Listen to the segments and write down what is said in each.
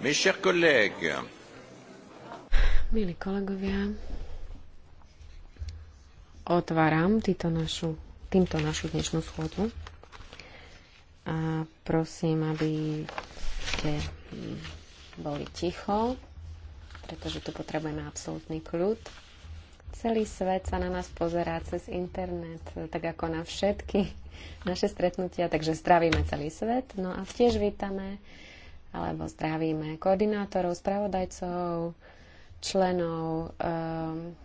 Mes chers collègues. Milí kolegovia, otváram týto našu, týmto našu dnešnú schôdzu a prosím, aby ste boli ticho, pretože tu potrebujeme absolútny kľud. Celý svet sa na nás pozerá cez internet, tak ako na všetky naše stretnutia, takže zdravíme celý svet. No a tiež vítame uh, alebo zdravíme koordinátorov, spravodajcov, členov um,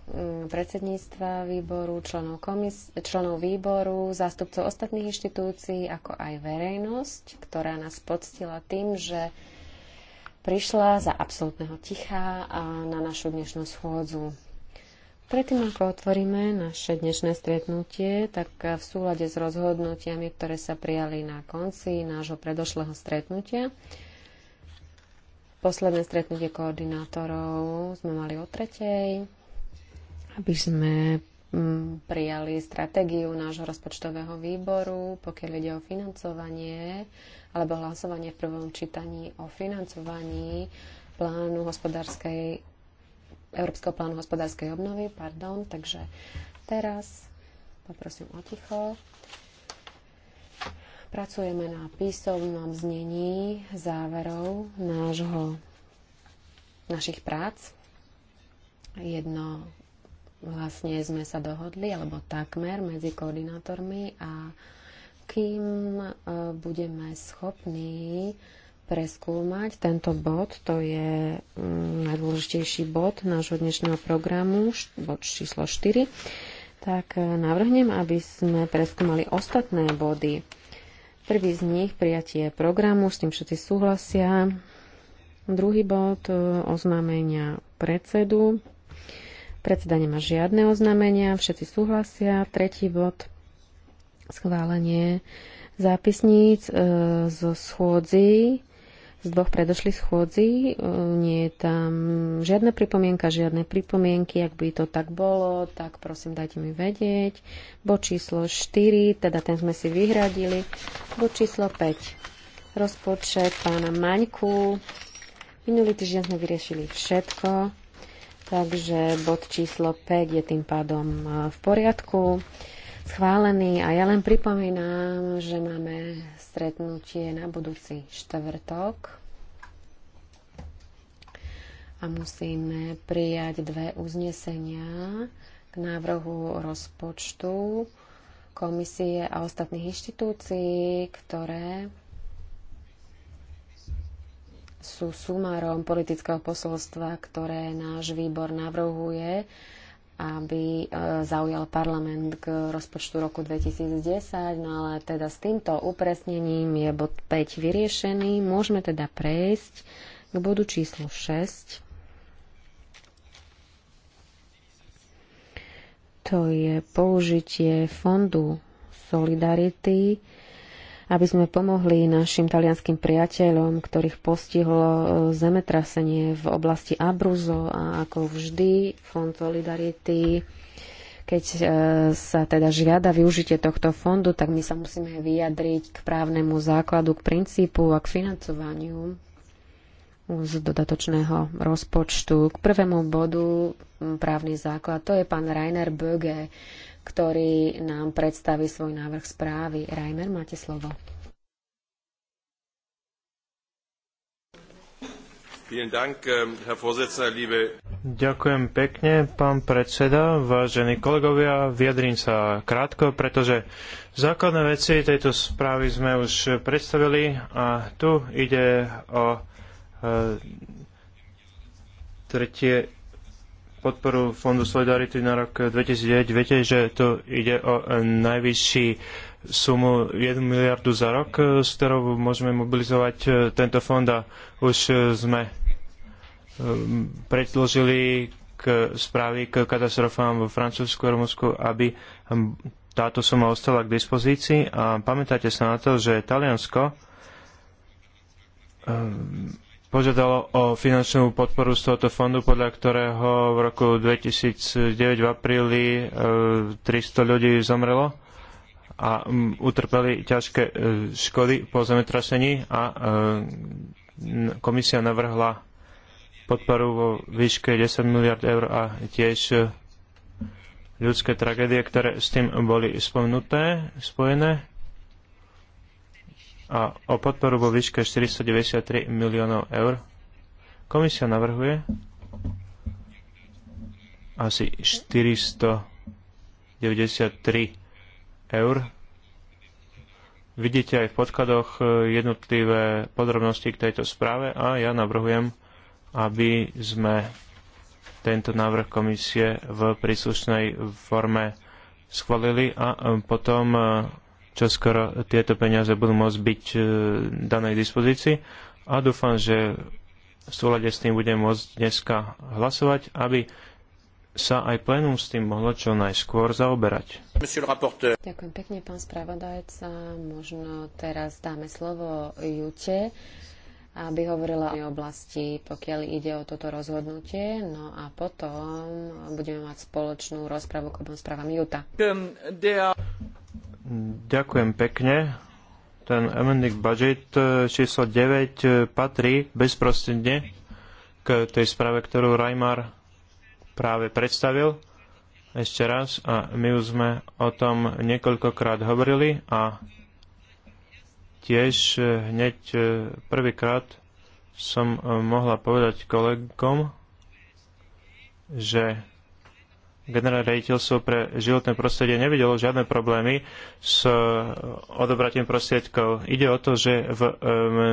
predsedníctva výboru, členov, komis- členov výboru, zástupcov ostatných inštitúcií, ako aj verejnosť, ktorá nás poctila tým, že prišla za absolútneho ticha na našu dnešnú schôdzu. Predtým, ako otvoríme naše dnešné stretnutie, tak v súlade s rozhodnutiami, ktoré sa prijali na konci nášho predošlého stretnutia, Posledné stretnutie koordinátorov sme mali o tretej, aby sme mm, prijali stratégiu nášho rozpočtového výboru, pokiaľ ide o financovanie alebo hlasovanie v prvom čítaní o financovaní plánu hospodárskej, Európskeho plánu hospodárskej obnovy. Pardon. Takže teraz poprosím o ticho. Pracujeme na písomnom znení záverov nášho, našich prác. Jedno vlastne sme sa dohodli, alebo takmer medzi koordinátormi a kým e, budeme schopní preskúmať tento bod, to je mm, najdôležitejší bod nášho dnešného programu, bod číslo 4, tak e, navrhnem, aby sme preskúmali ostatné body Prvý z nich prijatie programu, s tým všetci súhlasia. Druhý bod e, oznámenia predsedu. Predseda nemá žiadne oznámenia, všetci súhlasia. Tretí bod schválenie zápisníc e, zo schôdzi z dvoch predošlých schôdzí. Nie je tam žiadna pripomienka, žiadne pripomienky. Ak by to tak bolo, tak prosím dajte mi vedieť. Bod číslo 4, teda ten sme si vyhradili. Bo číslo 5, rozpočet pána Maňku. Minulý týždeň sme vyriešili všetko, takže bod číslo 5 je tým pádom e, v poriadku schválený. A ja len pripomínam, že máme stretnutie na budúci štvrtok a musíme prijať dve uznesenia k návrhu rozpočtu komisie a ostatných inštitúcií, ktoré sú sumárom politického posolstva, ktoré náš výbor navrhuje aby e, zaujal parlament k rozpočtu roku 2010, no ale teda s týmto upresnením je bod 5 vyriešený. Môžeme teda prejsť k bodu číslo 6. To je použitie fondu Solidarity aby sme pomohli našim talianským priateľom, ktorých postihlo e, zemetrasenie v oblasti Abruzo a ako vždy Fond Solidarity keď e, sa teda žiada využitie tohto fondu, tak my sa musíme vyjadriť k právnemu základu, k princípu a k financovaniu z dodatočného rozpočtu. K prvému bodu právny základ, to je pán Rainer Böge, ktorý nám predstaví svoj návrh správy. Rajmer, máte slovo. Ähm, Ďakujem pekne, pán predseda, vážení kolegovia. Vyjadrím sa krátko, pretože základné veci tejto správy sme už predstavili a tu ide o e, tretie podporu Fondu Solidarity na rok 2009. Viete, že tu ide o najvyšší sumu 1 miliardu za rok, s ktorou môžeme mobilizovať e, tento fond a už e, sme e, predložili k správy k katastrofám vo Francúzsku a Rumunsku, aby táto suma ostala k dispozícii. A pamätáte sa na to, že Taliansko požiadalo o finančnú podporu z tohoto fondu, podľa ktorého v roku 2009 v apríli 300 e, ľudí zomrelo a utrpeli ťažké e, škody po zemetrasení a e, komisia navrhla podporu vo výške 10 miliard eur a tiež ľudské tragédie, ktoré s tým boli spomenuté, spojené a o podporu vo výške 493 miliónov eur. Komisia navrhuje asi 493 eur. Vidíte aj v podkladoch e, jednotlivé podrobnosti k tejto správe a ja navrhujem, aby sme tento návrh komisie v príslušnej forme schválili a e, potom e, čo skoro tieto peniaze budú môcť byť e, danej dispozícii a dúfam, že v súlade s tým budem môcť dneska hlasovať, aby sa aj plénum s tým mohlo čo najskôr zaoberať. Ďakujem pekne, pán spravodajca. Možno teraz dáme slovo Jute, aby hovorila o oblasti, pokiaľ ide o toto rozhodnutie. No a potom budeme mať spoločnú rozpravu k obom správam Juta. Ďakujem pekne. Ten amending budget e, číslo 9 e, patrí bezprostredne k tej správe, ktorú Reimar práve predstavil ešte raz a my už sme o tom niekoľkokrát hovorili a tiež e, hneď prvýkrát som mohla povedať kolegom, že generálne riaditeľstvo pre životné prostredie nevidelo žiadne problémy s eh, odobratím prostriedkov. Ide o to, že v eh,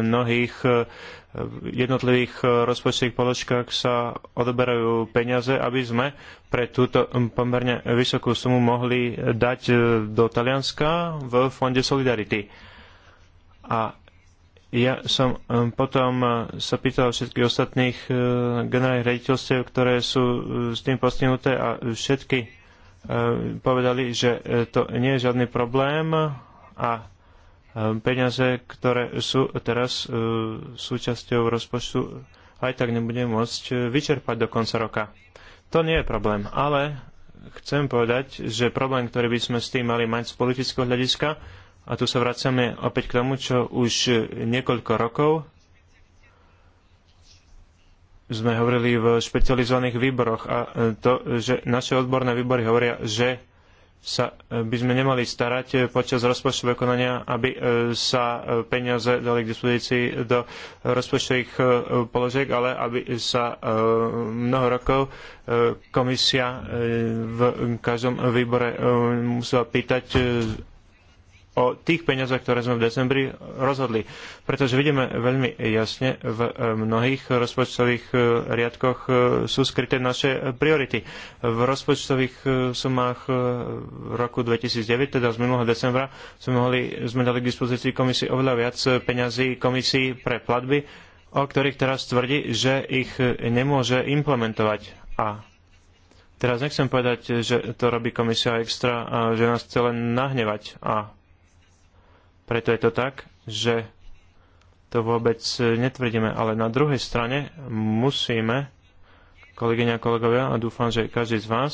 mnohých eh, jednotlivých rozpočtových položkách sa odoberajú peniaze, aby sme pre túto pomerne vysokú sumu mohli dať do Talianska v Fonde Solidarity. A ja som potom eh, sa pýtal všetkých ostatných eh, generálnych rediteľstiev, ktoré sú eh, s tým postihnuté a všetky povedali, že to nie je žiadny problém a peniaze, ktoré sú teraz súčasťou rozpočtu, aj tak nebudem môcť vyčerpať do konca roka. To nie je problém, ale chcem povedať, že problém, ktorý by sme s tým mali mať z politického hľadiska, a tu sa vracame opäť k tomu, čo už niekoľko rokov sme hovorili v špecializovaných výboroch a e, to, že naše odborné výbory hovoria, že sa e, by sme nemali starať e, počas rozpočtového konania, aby sa peniaze dali k dispozícii do rozpočtových položiek, ale aby sa mnoho rokov komisia v každom výbore musela pýtať o tých peniazoch, ktoré sme v decembri rozhodli. Pretože vidíme veľmi jasne, v e, mnohých rozpočtových e, riadkoch e, sú skryté naše priority. V rozpočtových sumách roku 2009, teda z minulého decembra, sme, mohli, sme dali k dispozícii komisii oveľa viac peňazí komisii pre platby, o ktorých teraz tvrdí, že ich nemôže implementovať. A teraz nechcem povedať, že to robí komisia extra a že nás chce len nahnevať. A preto je to tak, že to vôbec netvrdíme, ale na druhej strane musíme, kolegyňa a kolegovia, a dúfam, že každý z vás,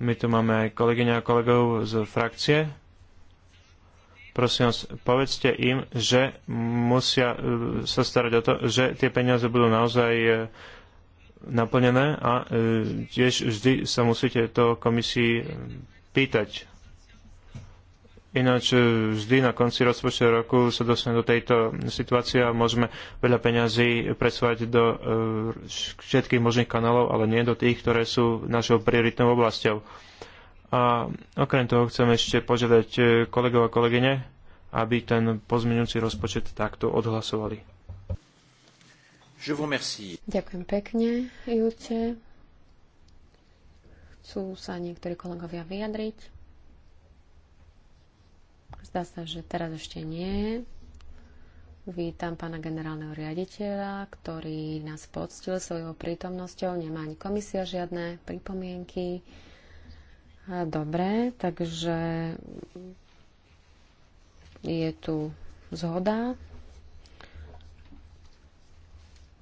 my tu máme aj kolegyňa a kolegov z frakcie, prosím vás, povedzte im, že musia e, sa starať o to, že tie peniaze budú naozaj e, naplnené a e, tiež vždy sa musíte to komisii pýtať. Ináč e, vždy na konci rozpočtu roku sa dostaneme do tejto situácie a môžeme veľa peňazí presúvať do e, všetkých možných kanálov, ale nie do tých, ktoré sú našou prioritnou oblasťou. A okrem toho chcem ešte požiadať e, kolegov a kolegyne, aby ten pozmeňujúci rozpočet takto odhlasovali. Ďakujem pekne, Júte. Chcú sa niektorí kolegovia vyjadriť? Zdá sa, že teraz ešte nie. Vítam pána generálneho riaditeľa, ktorý nás poctil svojou prítomnosťou. Nemá ani komisia žiadne pripomienky. Dobre, takže je tu zhoda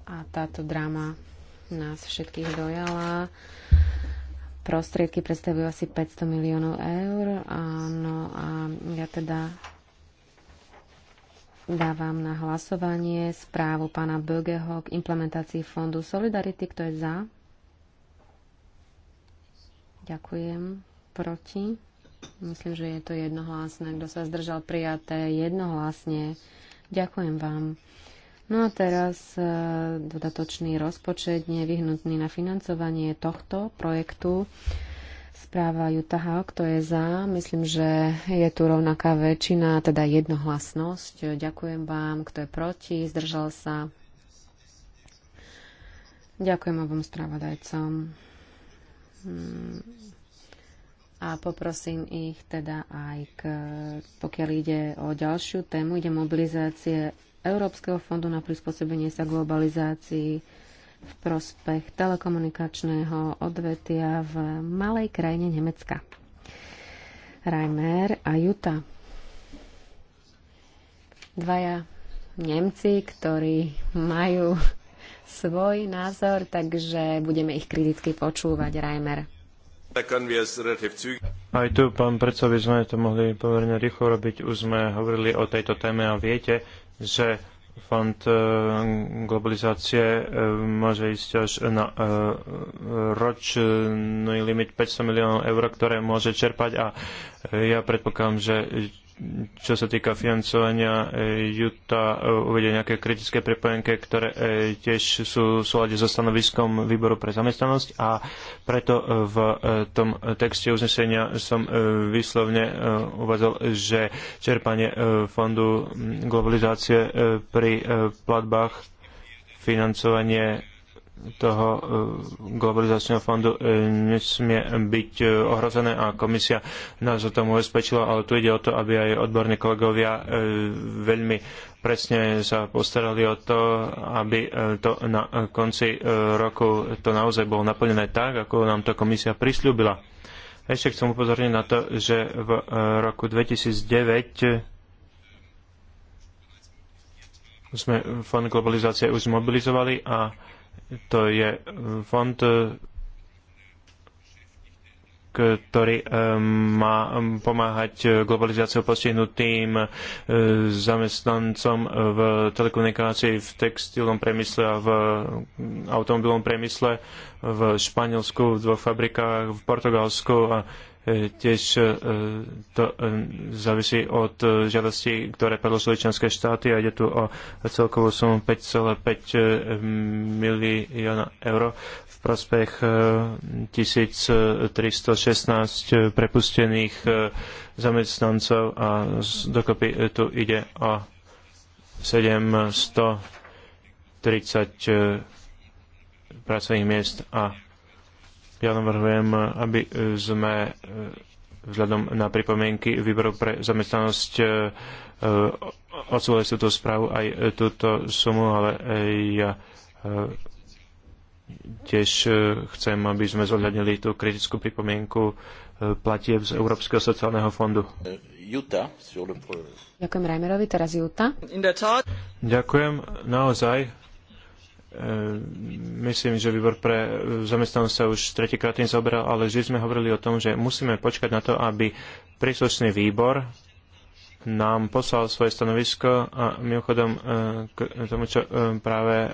a táto dráma nás všetkých dojala prostriedky predstavujú asi 500 miliónov eur. Áno, a ja teda dávam na hlasovanie správu pána Bögeho k implementácii fondu Solidarity. Kto je za? Ďakujem. Proti? Myslím, že je to jednohlasné. Kto sa zdržal prijaté jednohlasne. Ďakujem vám. No a teraz e, dodatočný rozpočet nevyhnutný na financovanie tohto projektu. Správa Jutaha, kto je za. Myslím, že je tu rovnaká väčšina, teda jednohlasnosť. Ďakujem vám, kto je proti, zdržal sa. Ďakujem obom správodajcom. Hmm. A poprosím ich teda aj, k, pokiaľ ide o ďalšiu tému, ide mobilizácie Európskeho fondu na prispôsobenie sa globalizácii v prospech telekomunikačného odvetia v malej krajine Nemecka. Reimer a Juta. Dvaja Nemci, ktorí majú svoj názor, takže budeme ich kriticky počúvať, Reimer. Aj tu, pán predsa, by sme to mohli poverne rýchlo robiť. Už sme hovorili o tejto téme a viete, že fond e, globalizácie e, môže ísť až na e, ročný limit 500 miliónov eur, ktoré môže čerpať a ja predpokladám, že čo sa týka financovania, Juta e, e, uvedie nejaké kritické prepojenky, ktoré e, tiež sú v súlade so stanoviskom výboru pre zamestnanosť a preto v tom texte uznesenia som výslovne uvedol, že čerpanie fondu globalizácie pri platbách financovanie toho e, globalizačného fondu e, nesmie byť e, ohrozené a komisia nás o tom ubezpečila, ale tu ide o to, aby aj odborní kolegovia veľmi presne sa postarali o to, aby to na konci roku to naozaj bolo naplnené tak, ako nám to komisia prislúbila. Ešte chcem upozorniť na to, že v roku 2009 sme fond globalizácie už zmobilizovali a to je eh, fond, eh, ktorý eh, má pomáhať globalizáciou postihnutým zamestnancom v telekomunikácii, v textilnom priemysle a v automobilnom priemysle v Španielsku, v dvoch fabrikách, v Portugalsku a E, tiež e, to e, závisí od žiadostí, ktoré predložili členské štáty a ide tu o celkovú sumu 5,5 milióna eur v prospech 1316 prepustených zamestnancov a dokopy tu ide o 730 pracovných miest a ja navrhujem, aby sme e, vzhľadom na pripomienky výboru pre zamestnanosť e, e, odsúhlasili túto správu aj túto sumu, ale ja tiež chcem, aby sme zohľadnili tú kritickú pripomienku platieb z Európskeho sociálneho fondu. Juta. Ďakujem Reimerovi, teraz Juta. Ďakujem, naozaj Ehm, myslím, že výbor pre e, zamestnanosť sa už tretíkrát tým zaoberal, ale vždy sme hovorili o tom, že musíme počkať na to, aby príslušný výbor nám poslal svoje stanovisko a mimochodom e, k tomu, čo e, práve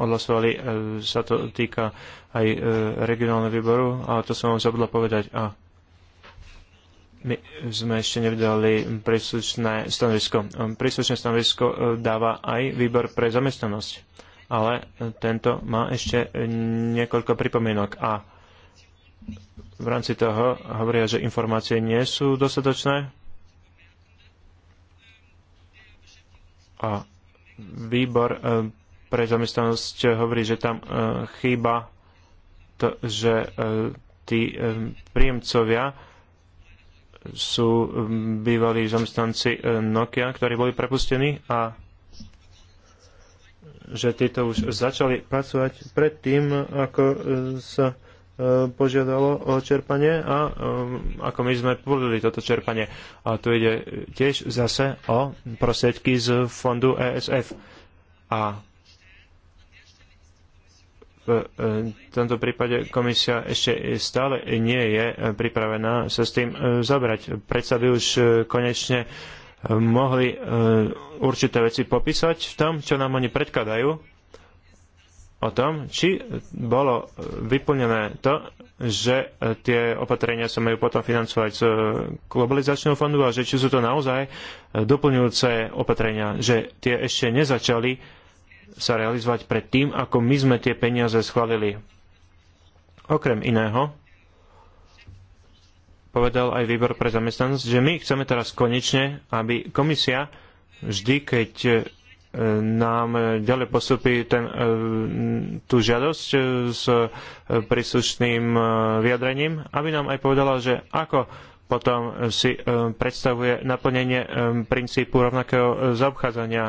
odhlasovali, sa to týka aj regionálneho výboru, ale to som vám zabudla povedať. A my sme ešte nevydali príslušné stanovisko. Príslušné stanovisko dáva aj výbor pre zamestnanosť ale tento má ešte niekoľko pripomienok a v rámci toho hovoria, že informácie nie sú dostatočné a výbor e, pre zamestnanosť hovorí, že tam e, chýba to, že e, tí príjemcovia sú bývalí zamestnanci Nokia, ktorí boli prepustení a že títo už začali pracovať pred tým, ako e, sa e, požiadalo o čerpanie a e, ako my sme povolili toto čerpanie. A tu ide tiež zase o prosiedky z fondu ESF. A v tomto prípade komisia ešte stále nie je pripravená sa s tým zabrať. Predsa by už konečne mohli e, určité veci popísať v tom, čo nám oni predkladajú, o tom, či bolo vyplnené to, že e, tie opatrenia sa majú potom financovať z e, globalizačného fondu a že či sú to naozaj doplňujúce opatrenia, že tie ešte nezačali sa realizovať pred tým, ako my sme tie peniaze schválili. Okrem iného, povedal aj výbor pre zamestnanosť, že my chceme teraz konečne, aby komisia vždy, keď e, nám ďalej postupí ten, e, tú žiadosť e, s príslušným vyjadrením, aby nám aj povedala, že ako potom si predstavuje naplnenie princípu rovnakého zaobchádzania,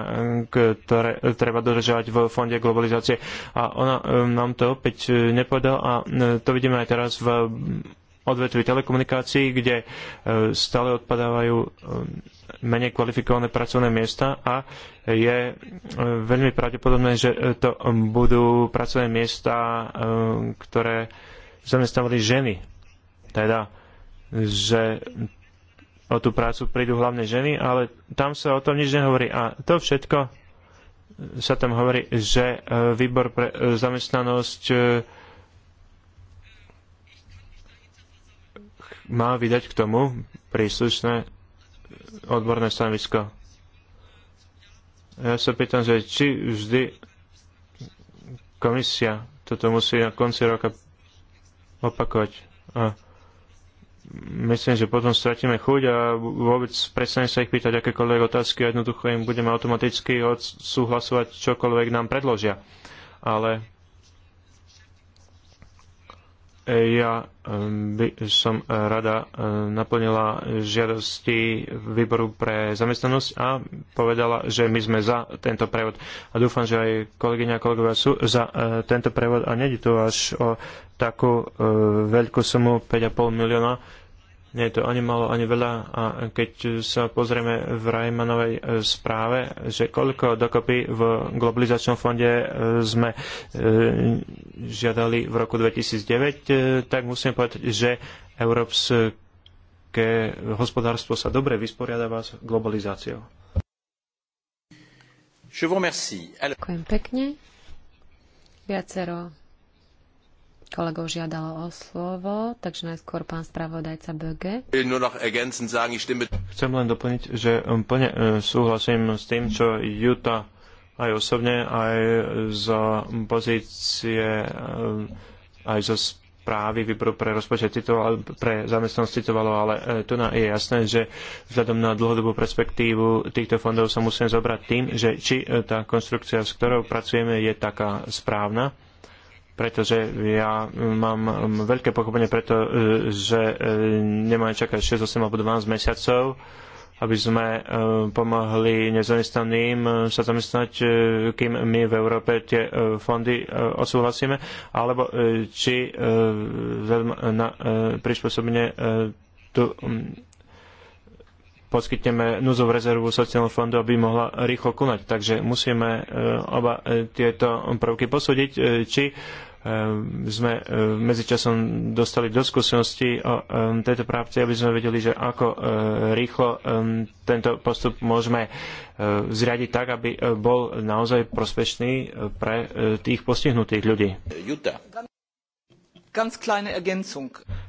ktoré treba dodržovať v Fonde globalizácie. A ona nám to opäť nepovedala a to vidíme aj teraz v odvetví telekomunikácií, kde e, stále odpadávajú e, menej kvalifikované pracovné miesta a je e, veľmi pravdepodobné, že to budú pracovné miesta, ktoré zamestnávali ženy. Teda, že o tú prácu prídu hlavne ženy, ale tam sa o tom nič nehovorí. A to všetko sa tam hovorí, že výbor pre zamestnanosť má vydať k tomu príslušné odborné stanovisko. Ja sa pýtam, že či vždy komisia toto musí na konci roka opakovať. A myslím, že potom stratíme chuť a vôbec prestane sa ich pýtať akékoľvek otázky a jednoducho im budeme automaticky odsúhlasovať čokoľvek nám predložia. Ale ja ehm, by som rada ehm, naplnila žiadosti výboru pre zamestnanosť a povedala, že my sme za tento prevod. A dúfam, že aj kolegyňa a kolegovia sú za eh, tento prevod a nejde tu až o takú eh, veľkú sumu 5,5 milióna, nie je to ani malo, ani veľa. A keď sa pozrieme v Rajmanovej e, správe, že koľko dokopy v globalizačnom fonde e, sme e, žiadali v roku 2009, tak musím povedať, že európske hospodárstvo sa dobre vysporiadáva s globalizáciou. Ďakujem pekne. Viacero kolegov žiadalo o slovo, takže najskôr pán spravodajca Böge. Chcem len doplniť, že um, plne uh, súhlasím s tým, čo Juta aj osobne, aj z pozície, um, aj zo správy výboru pre rozpočet citoval, pre zamestnanosť citovalo, ale uh, tu na, je jasné, že vzhľadom na dlhodobú perspektívu týchto fondov sa musíme zobrať tým, že či uh, tá konstrukcia, s ktorou pracujeme, je taká správna pretože ja mm, mám mm, veľké pochopenie preto, e, že e, nemáme čakať 6, 8 alebo 12 mesiacov, aby sme e, pomohli nezamestnaným sa zamestnať, kým my v Európe tie fondy odsúhlasíme, alebo či na prispôsobenie tu mm, poskytneme núzovú rezervu sociálneho fondu, aby mohla rýchlo konať. Takže musíme oba tieto prvky posúdiť, či Ehm, sme ehm, medzičasom dostali do skúsenosti o ehm, tejto právce, aby sme vedeli, že ako rýchlo tento postup môžeme zriadiť tak, aby bol naozaj prospešný pre tých postihnutých ľudí. Juta.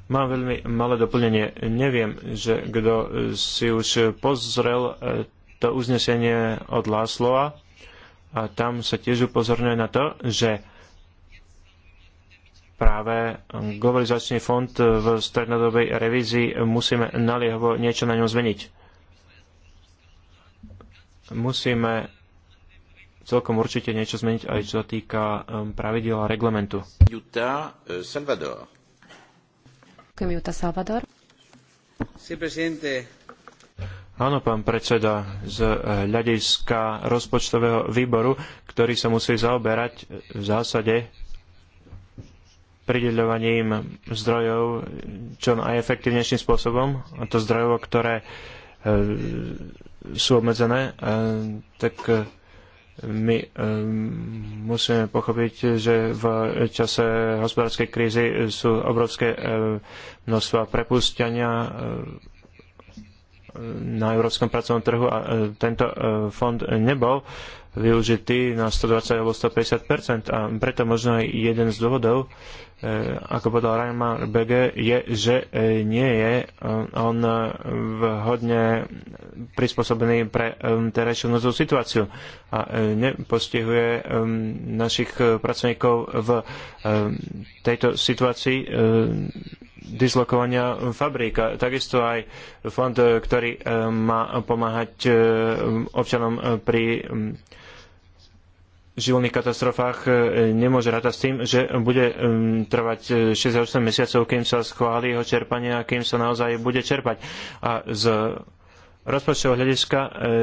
Mám veľmi malé doplnenie. Neviem, že kto si už pozrel to uznesenie od Láslova a tam sa tiež upozorňuje na to, že práve um, globalizačný fond uh, v strednodobej revízii musíme naliehovo niečo na ňom zmeniť. Musíme celkom určite niečo zmeniť aj čo sa týka um, pravidel a reglementu. Juta uh, Salvador. Ďakujem, Juta Salvador. Sí, presidente. Áno, pán predseda, z eh, hľadiska rozpočtového výboru, ktorý sa musí zaoberať eh, v zásade prideľovaním zdrojov čo najefektívnejším spôsobom, a to zdrojov, ktoré e, sú obmedzené, e, tak e, my musíme pochopiť, že v čase hospodárskej krízy sú obrovské množstva prepustenia na európskom pracovnom trhu a tento fond nebol využitý na 120 alebo 150 a preto možno aj jeden z dôvodov, Eh, ako povedal Reimer BG, je, že eh, nie je eh, on vhodne prispôsobený pre terajšiu núzovú situáciu a nepostihuje našich pracovníkov v tejto situácii dislokovania fabrík. Takisto aj fond, ktorý má pomáhať občanom pri živelných katastrofách e, nemôže rátať s tým, že bude e, trvať 6 e, až 8 mesiacov, kým sa schváli jeho čerpanie a kým sa naozaj bude čerpať. A z rozpočtového hľadiska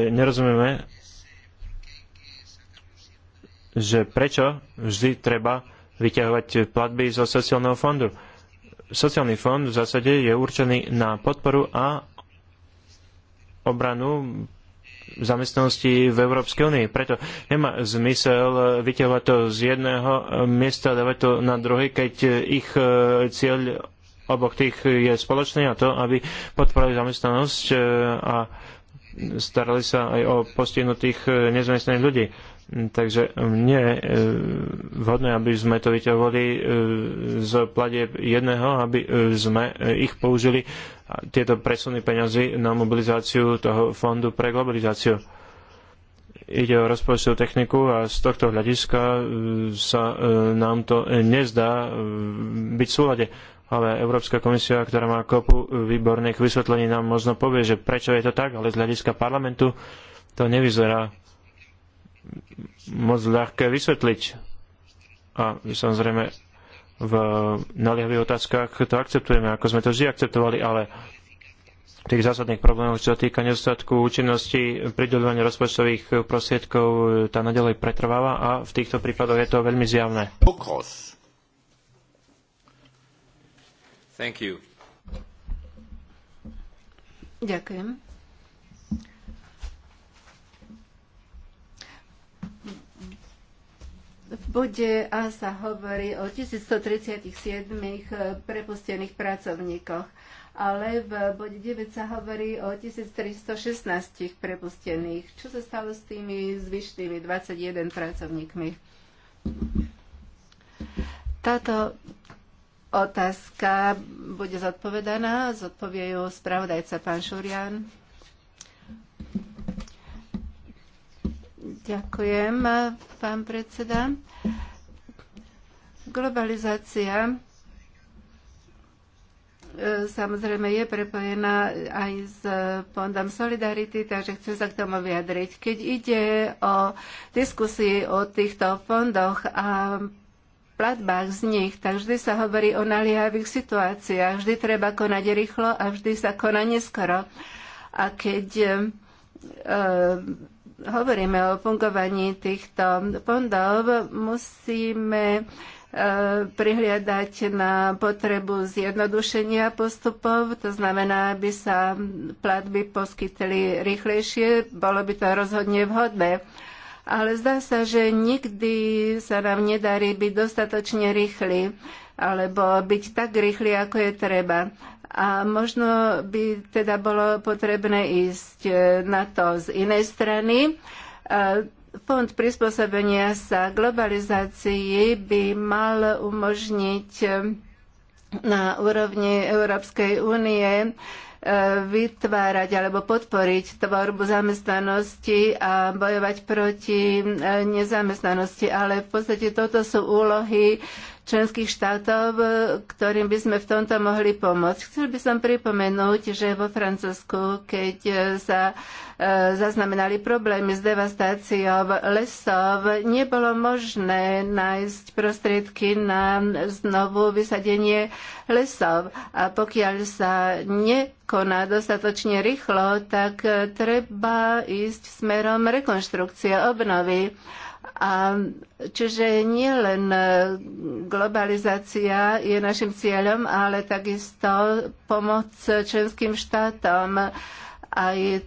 nerozumieme, že prečo vždy treba vyťahovať platby zo sociálneho fondu. Sociálny fond v zásade je určený na podporu a obranu zamestnanosti v Európskej únii. Preto nemá zmysel vyťahovať to z jedného miesta, a dávať to na druhý, keď ich e, cieľ oboch tých je spoločný a to, aby podporili zamestnanosť e, a starali sa aj o postihnutých e, nezamestnaných ľudí. Takže nie je vhodné, aby sme to vyťahovali z pladeb jedného, aby sme ich použili tieto presuny peňazí na mobilizáciu toho fondu pre globalizáciu. Ide o rozpočtovú techniku a z tohto hľadiska e, sa e, nám to nezdá e, byť v súlade. Ale Európska komisia, ktorá má kopu výborných vysvetlení, nám možno povie, že prečo je to tak, ale z hľadiska parlamentu to nevyzerá moc ľahké vysvetliť. A samozrejme v naliehavých otázkach to akceptujeme, ako sme to vždy akceptovali, ale tých zásadných problémov, čo sa týka nedostatku účinnosti pridelovania rozpočtových prostriedkov, tá nadalej pretrváva a v týchto prípadoch je to veľmi zjavné. Thank you. Ďakujem. V bode A sa hovorí o 1137 eh, prepustených pracovníkoch, ale v bode 9 sa hovorí o 1316 prepustených. Čo sa stalo s tými zvyšnými 21 pracovníkmi? Táto otázka bude zodpovedaná. Zodpovie ju spravodajca pán Šurian. Ďakujem, pán predseda. Globalizácia e, samozrejme je prepojená aj s fondom Solidarity, takže chcem sa k tomu vyjadriť. Keď ide o diskusii o týchto fondoch a platbách z nich, tak vždy sa hovorí o naliehavých situáciách. Vždy treba konať rýchlo a vždy sa koná neskoro. A keď e, hovoríme o fungovaní týchto fondov, musíme e, prihliadať na potrebu zjednodušenia postupov, to znamená, aby sa platby poskytli rýchlejšie, bolo by to rozhodne vhodné. Ale zdá sa, že nikdy sa nám nedarí byť dostatočne rýchli alebo byť tak rýchli, ako je treba. A možno by teda bolo potrebné ísť e, na to z inej strany. E, Fond prispôsobenia sa globalizácii by mal umožniť e, na úrovni Európskej únie vytvárať alebo podporiť tvorbu zamestnanosti a bojovať proti nezamestnanosti. Ale v podstate toto sú úlohy členských štátov, e, ktorým by sme v tomto mohli pomôcť. Chcel by som pripomenúť, že vo Francúzsku, keď e, sa e, zaznamenali problémy s devastáciou lesov, nebolo možné nájsť prostriedky na znovu vysadenie lesov. A pokiaľ sa nekoná dostatočne rýchlo, tak treba ísť smerom rekonštrukcie obnovy. A čiže nie len e, globalizácia je našim cieľom, ale takisto pomoc členským štátom aj e,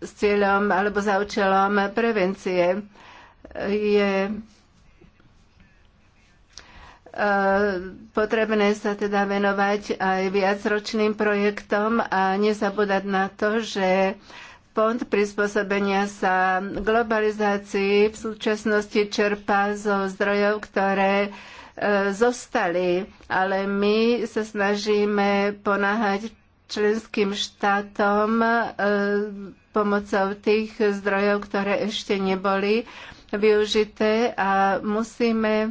s cieľom alebo za účelom prevencie je e, potrebné sa teda venovať aj viacročným projektom a nezabúdať na to, že Fond prispôsobenia sa globalizácii v súčasnosti čerpá zo zdrojov, ktoré e, zostali, ale my sa snažíme ponáhať členským štátom e, pomocou tých zdrojov, ktoré ešte neboli využité a musíme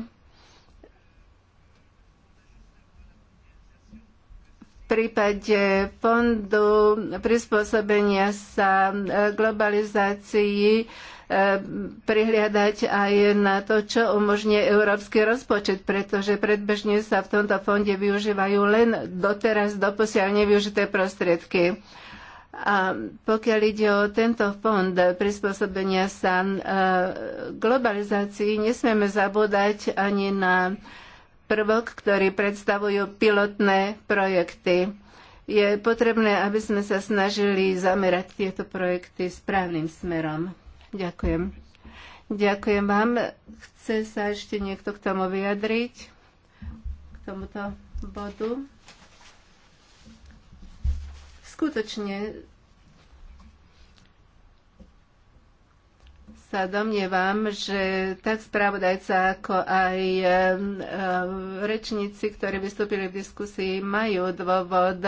prípade fondu prispôsobenia sa e, globalizácii e, prihliadať aj na to, čo umožňuje európsky rozpočet, pretože predbežne sa v tomto fonde využívajú len doteraz doposiaľ nevyužité prostriedky. A pokiaľ ide o tento fond prispôsobenia sa e, globalizácii, nesmieme zabúdať ani na prvok, ktorý predstavujú pilotné projekty. Je potrebné, aby sme sa snažili zamerať tieto projekty správnym smerom. Ďakujem. Ďakujem vám. Chce sa ešte niekto k tomu vyjadriť? K tomuto bodu? Skutočne sa domnievam, že tak spravodajca, ako aj eh, rečníci, ktorí vystúpili v diskusii, majú dôvod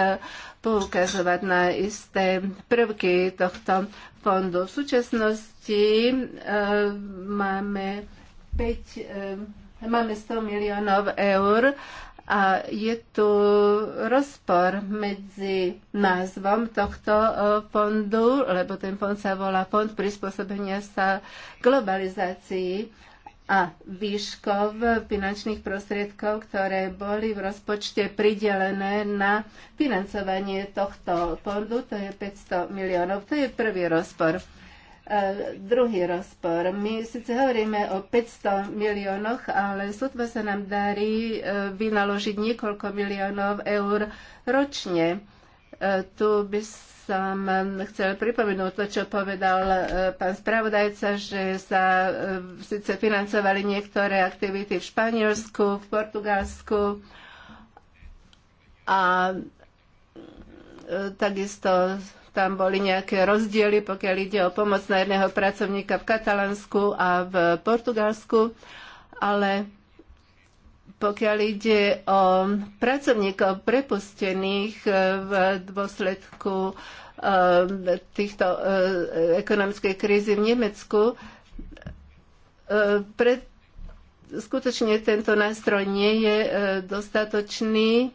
poukazovať na isté prvky tohto fondu. V súčasnosti eh, máme 5 eh, Máme 100 miliónov eur a je tu rozpor medzi názvom tohto e, fondu, lebo ten fond sa volá Fond prispôsobenia sa globalizácii a výškov finančných prostriedkov, ktoré boli v rozpočte pridelené na financovanie tohto fondu, to je 500 miliónov. To je prvý rozpor. E, druhý rozpor. My síce hovoríme o 500 miliónoch, ale sotva sa nám darí e, vynaložiť niekoľko miliónov eur ročne. E, tu by som chcel pripomenúť to, čo povedal pán spravodajca, že sa síce financovali niektoré aktivity v Španielsku, v Portugalsku a takisto tam boli nejaké rozdiely, pokiaľ ide o pomoc na jedného pracovníka v Katalánsku a v Portugalsku, ale pokiaľ ide o pracovníkov prepustených e, v dôsledku e, týchto e, ekonomickej krízy v Nemecku, pre, skutočne tento nástroj nie je dostatočný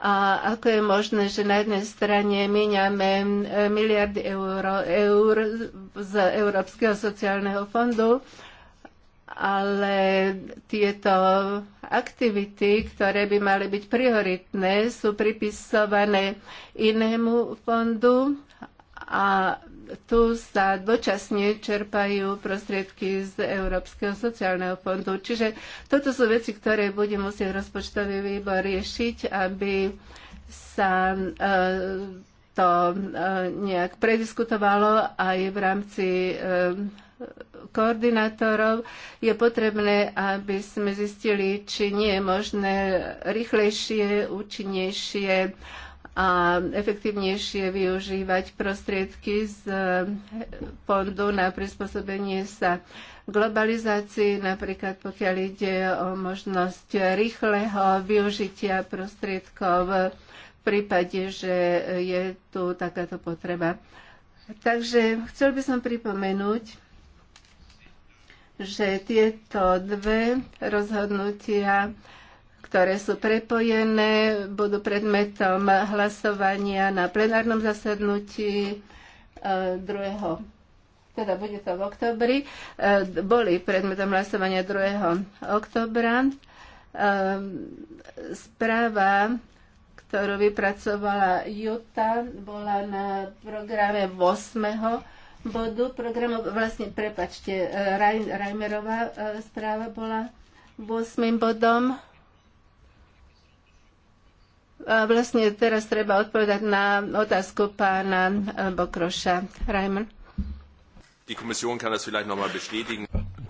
a ako je možné, že na jednej strane míňame e, miliardy eur, eur z Európskeho sociálneho fondu, ale tieto aktivity, ktoré by mali byť prioritné, sú pripisované inému fondu a tu sa dočasne čerpajú prostriedky z Európskeho sociálneho fondu. Čiže toto sú veci, ktoré bude musieť rozpočtový výbor riešiť, aby sa e, to e, nejak prediskutovalo aj v rámci e, koordinátorov, je potrebné, aby sme zistili, či nie je možné rýchlejšie, účinnejšie a efektívnejšie využívať prostriedky z eh, fondu na prispôsobenie sa globalizácii, napríklad pokiaľ ide o možnosť rýchleho využitia prostriedkov v prípade, že je tu takáto potreba. Takže chcel by som pripomenúť, že tieto dve rozhodnutia ktoré sú prepojené, budú predmetom hlasovania na plenárnom zasadnutí 2. Eh, teda bude to v oktobri, eh, boli predmetom hlasovania 2. oktobra. Eh, správa, ktorú vypracovala Juta, bola na programe 8. bodu programu, vlastne, prepačte, Reimerová správa bola 8. bodom vlastne teraz treba odpovedať na otázku pána eh, Bokroša. Reimer.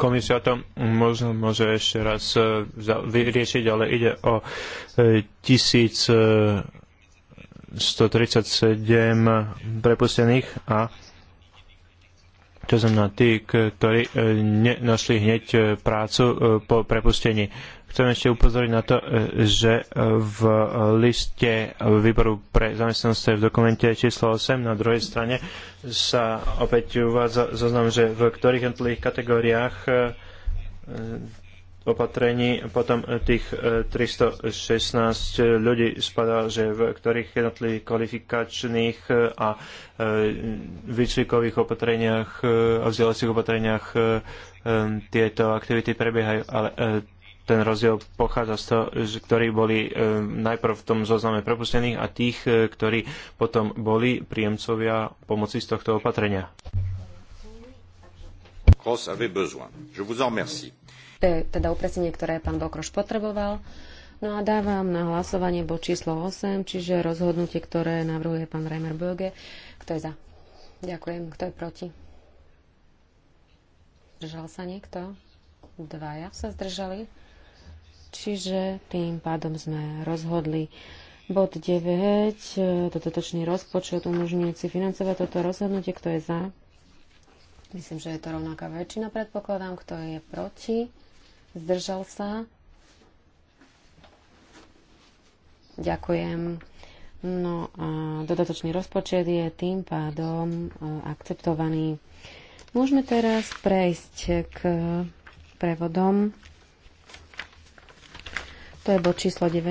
Komisia to možno môže ešte raz eh, vyriešiť, ale ide o 1137 eh, prepustených a to znamená tí, ktorí nenašli hneď prácu po prepustení. Chcem ešte upozoriť na to, e, že e, v e, liste výboru pre zamestnanosť v dokumente číslo 8 na druhej strane sa opäť uvádza zoznam, že v ktorých jednotlivých kategóriách opatrení potom tých 316 ľudí spadá, že v ktorých jednotlivých kvalifikačných a výcvikových opatreniach a vzdelávacích opatreniach tieto aktivity prebiehajú. Ale ten rozdiel pochádza z toho, ktorí boli e, najprv v tom zozname prepustených a tých, e, ktorí potom boli príjemcovia pomoci z tohto opatrenia. To je teda upresenie, ktoré pán Bokroš potreboval. No a dávam na hlasovanie bod číslo 8, čiže rozhodnutie, ktoré navrhuje pán Reimer Böge. Kto je za? Ďakujem. Kto je proti? Zdržal sa niekto? Dvaja sa zdržali. Čiže tým pádom sme rozhodli bod 9, e, dodatočný rozpočet umožňujúci financovať toto rozhodnutie, kto je za. Myslím, že je to rovnaká väčšina, predpokladám, kto je proti. Zdržal sa. Ďakujem. No a dodatočný rozpočet je tým pádom e, akceptovaný. Môžeme teraz prejsť k prevodom. To je bod číslo 9.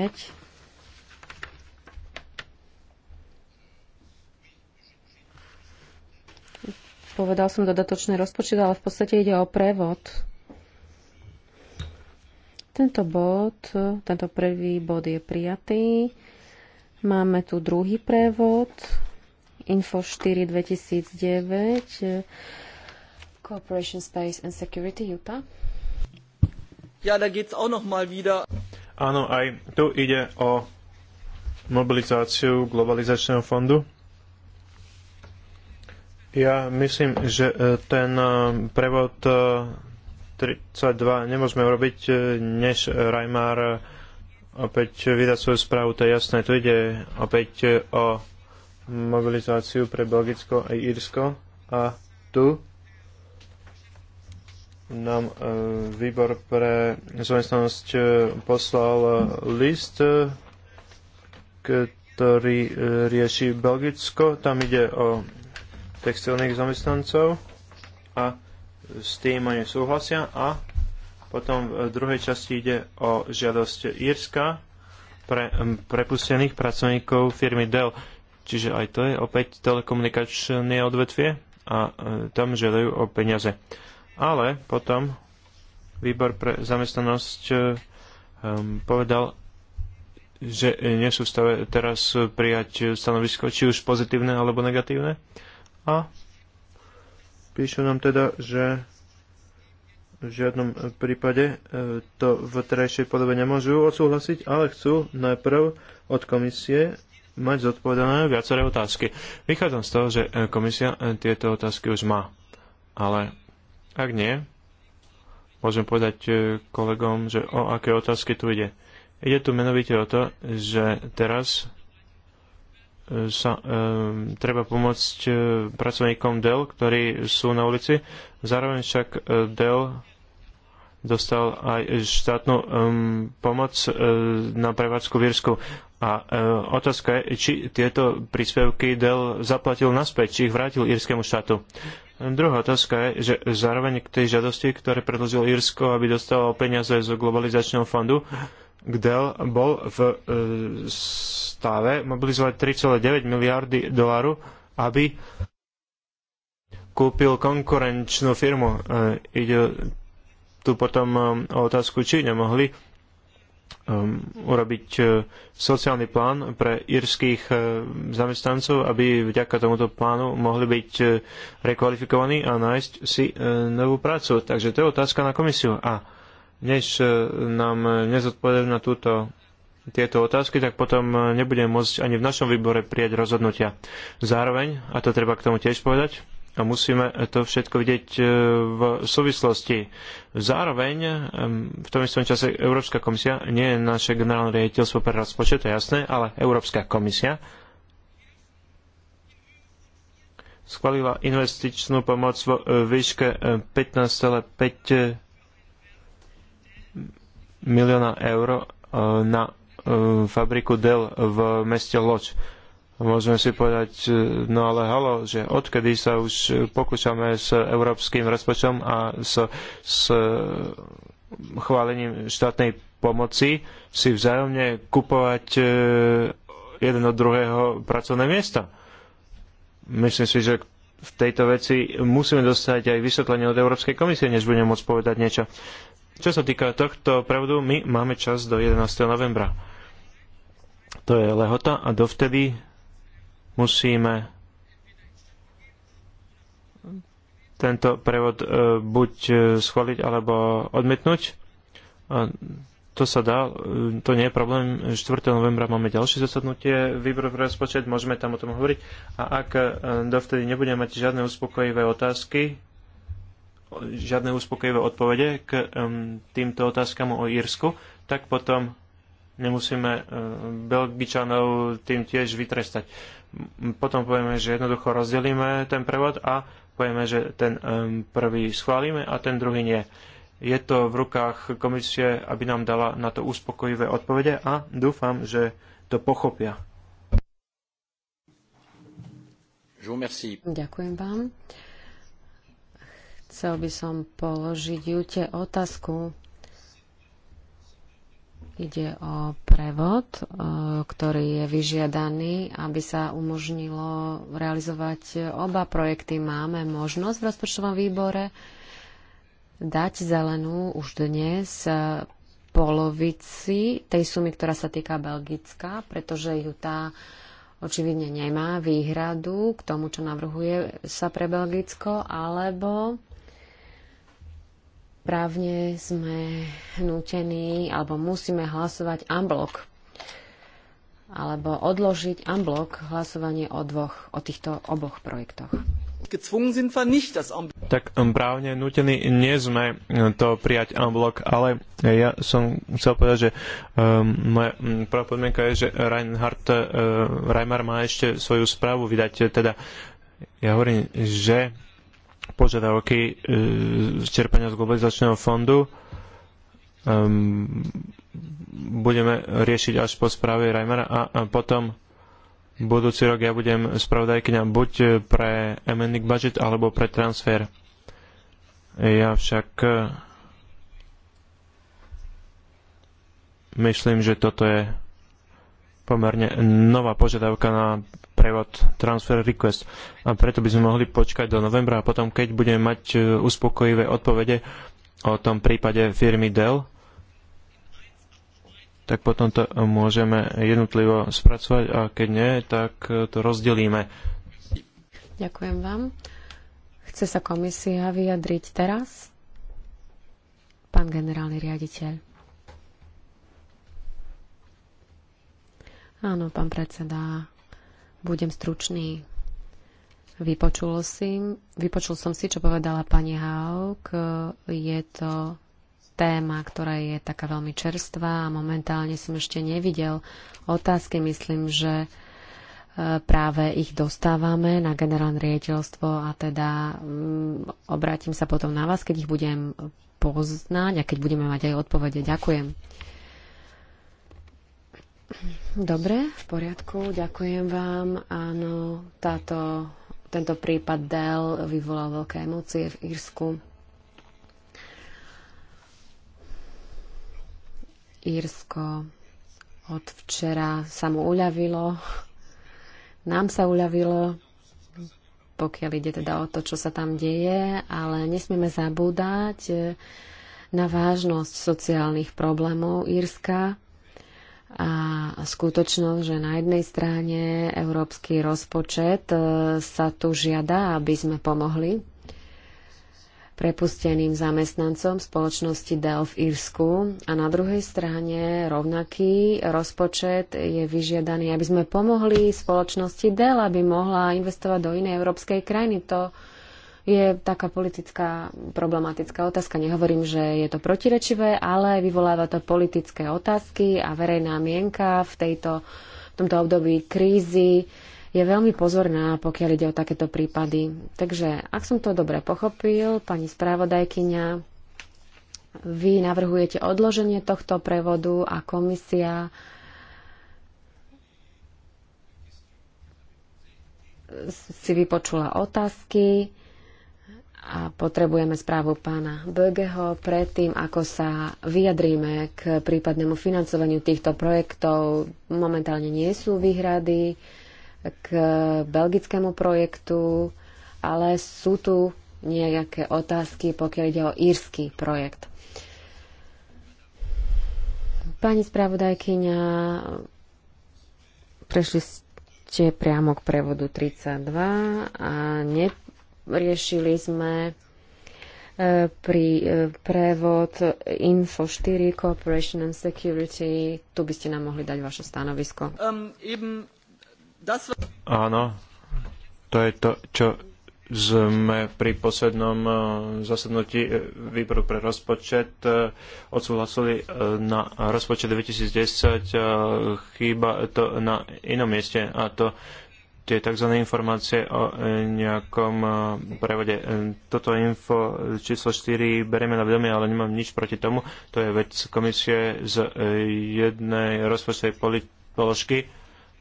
Povedal som dodatočné rozpočet, ale v podstate ide o prevod. Tento bod, tento prvý bod je prijatý. Máme tu druhý prevod. Info 4 2009 Cooperation Space and Security Utah. Ja, da geht's auch noch mal wieder. Áno, aj tu ide o mobilizáciu globalizačného fondu. Ja myslím, že e, ten e, prevod 32 e, nemôžeme urobiť, než Reimar opäť vydá svoju správu, to je jasné. Tu ide opäť o mobilizáciu pre Belgicko a Írsko a tu nám e, výbor pre zamestnanosť e, poslal list, e, ktorý rieši Belgicko. Tam ide o textilných zamestnancov a s tým oni súhlasia a potom v druhej časti ide o žiadosť Írska pre prepustených pracovníkov firmy Dell. Čiže aj to je opäť telekomunikačné odvetvie a tam žiadajú o peniaze ale potom výbor pre zamestnanosť eh, povedal, že nie sú v stave teraz prijať stanovisko, či už pozitívne alebo negatívne. A píšu nám teda, že v žiadnom prípade eh, to v terajšej podobe nemôžu odsúhlasiť, ale chcú najprv od komisie mať zodpovedané viaceré otázky. Vychádzam z toho, že eh, komisia tieto otázky už má, ale ak nie, môžem povedať e, kolegom, že o aké otázky tu ide. Ide tu menovite o to, že teraz e, sa, um, treba pomôcť pracovníkom Dell, ktorí sú na ulici. Zároveň však Dell dostal aj štátnu um, pomoc uh, na prevádzku v A e, otázka je, či tieto príspevky Dell zaplatil naspäť, či ich vrátil írskému štátu. Druhá otázka je, že zároveň k tej žiadosti, ktoré predložil Írsko, aby dostalo peniaze z globalizačného fondu, Dell bol v e, stave mobilizovať 3,9 miliardy dolárov, aby kúpil konkurenčnú firmu. E, ide tu potom um, o otázku, či nemohli um, urobiť uh, sociálny plán pre írskych uh, zamestnancov, aby vďaka tomuto plánu mohli byť uh, rekvalifikovaní a nájsť si novú prácu. Takže to je otázka na komisiu. A než nám nezodpovedajú na túto tieto otázky, tak potom nebudem môcť ani v našom výbore prijať rozhodnutia. Zároveň, a to treba k tomu tiež povedať, a musíme to všetko vidieť e, v súvislosti. Zároveň e, v tom istom čase Európska komisia, nie je naše generálne riaditeľstvo pre rozpočet, to je jasné, ale Európska komisia schválila investičnú pomoc v e, výške 15,5 milióna eur na fabriku Dell v meste Loč môžeme si povedať, e, no ale halo, že odkedy sa už pokúšame s európskym rozpočtom a s, s e, chválením štátnej pomoci si vzájomne kupovať e, jeden od druhého pracovné miesta. Myslím si, že v tejto veci musíme dostať aj vysvetlenie od Európskej komisie, než budeme môcť povedať niečo. Čo sa týka tohto pravdu, my máme čas do 11. novembra. To je lehota a dovtedy musíme tento prevod e, buď e, schváliť alebo odmietnúť. to sa dá, e, to nie je problém. 4. novembra máme ďalšie zasadnutie výboru pre rozpočet, môžeme tam o tom hovoriť. A ak dovtedy nebudeme mať žiadne uspokojivé otázky, žiadne uspokojivé odpovede k týmto otázkam o Írsku, tak potom nemusíme e, Belgičanov tým tiež vytrestať. Potom povieme, že jednoducho rozdelíme ten prevod a povieme, že ten e, prvý schválime a ten druhý nie. Je to v rukách komisie, aby nám dala na to uspokojivé odpovede a dúfam, že to pochopia. Ďakujem vám. Chcel by som položiť Jute otázku. Ide o prevod, e, ktorý je vyžiadaný, aby sa umožnilo realizovať oba projekty. Máme možnosť v rozpočtovom výbore dať zelenú už dnes polovici tej sumy, ktorá sa týka Belgická, pretože ju tá očividne nemá výhradu k tomu, čo navrhuje sa pre Belgicko, alebo právne sme nútení alebo musíme hlasovať unblock alebo odložiť unblock hlasovanie o dvoch, o týchto oboch projektoch. Tak právne nutení nie sme to prijať unblock, ale ja som chcel povedať, že um, moja prvá podmienka je, že Reinhard uh, e, Reimer má ešte svoju správu vydať. Teda ja hovorím, že požiadavky e, čerpania z globalizačného fondu um, budeme riešiť až po správe Reimera a, a potom budúci rok ja budem spravodajkyňa buď pre amending budget alebo pre transfer. Ja však e, myslím, že toto je pomerne nová požiadavka na prevod transfer request. A preto by sme mohli počkať do novembra a potom, keď budeme mať e, uspokojivé odpovede o tom prípade firmy Dell, tak potom to môžeme jednotlivo spracovať a keď nie, tak e, to rozdelíme. Ďakujem vám. Chce sa komisia vyjadriť teraz? Pán generálny riaditeľ. Áno, pán predseda, budem stručný. Vypočul, si, vypočul som si, čo povedala pani Hauk. Je to téma, ktorá je taká veľmi čerstvá a momentálne som ešte nevidel otázky. Myslím, že e, práve ich dostávame na generálne riaditeľstvo a teda mm, obrátim sa potom na vás, keď ich budem poznať a keď budeme mať aj odpovede. Ďakujem. Dobre, v poriadku, ďakujem vám. Áno, táto, tento prípad Dell vyvolal veľké emócie v Írsku. Írsko od včera sa mu uľavilo, nám sa uľavilo, pokiaľ ide teda o to, čo sa tam deje, ale nesmieme zabúdať na vážnosť sociálnych problémov Írska a skutočnosť, že na jednej strane európsky rozpočet e, sa tu žiada, aby sme pomohli prepusteným zamestnancom spoločnosti Dell v Írsku a na druhej strane rovnaký rozpočet je vyžiadaný, aby sme pomohli spoločnosti Dell, aby mohla investovať do inej európskej krajiny. To je taká politická problematická otázka. Nehovorím, že je to protirečivé, ale vyvoláva to politické otázky a verejná mienka v, tejto, v tomto období krízy je veľmi pozorná, pokiaľ ide o takéto prípady. Takže, ak som to dobre pochopil, pani správodajkyňa, vy navrhujete odloženie tohto prevodu a komisia si vypočula otázky a potrebujeme správu pána Bögeho predtým, ako sa vyjadríme k prípadnému financovaniu týchto projektov. Momentálne nie sú výhrady k belgickému projektu, ale sú tu nejaké otázky, pokiaľ ide o írsky projekt. Pani spravodajkyňa, prešli ste priamo k prevodu 32 a ne, riešili sme e, pri e, prevod Info 4 Cooperation and Security. Tu by ste nám mohli dať vaše stanovisko. Áno, to je to, čo sme pri poslednom e, zasadnutí výboru pre rozpočet odsúhlasili na rozpočet 2010 chýba to na inom mieste a to tie tzv. informácie o e, nejakom e, prevode. E, toto info číslo 4 bereme na vedomie, ale nemám nič proti tomu. To je vec komisie z jednej rozpočtovej položky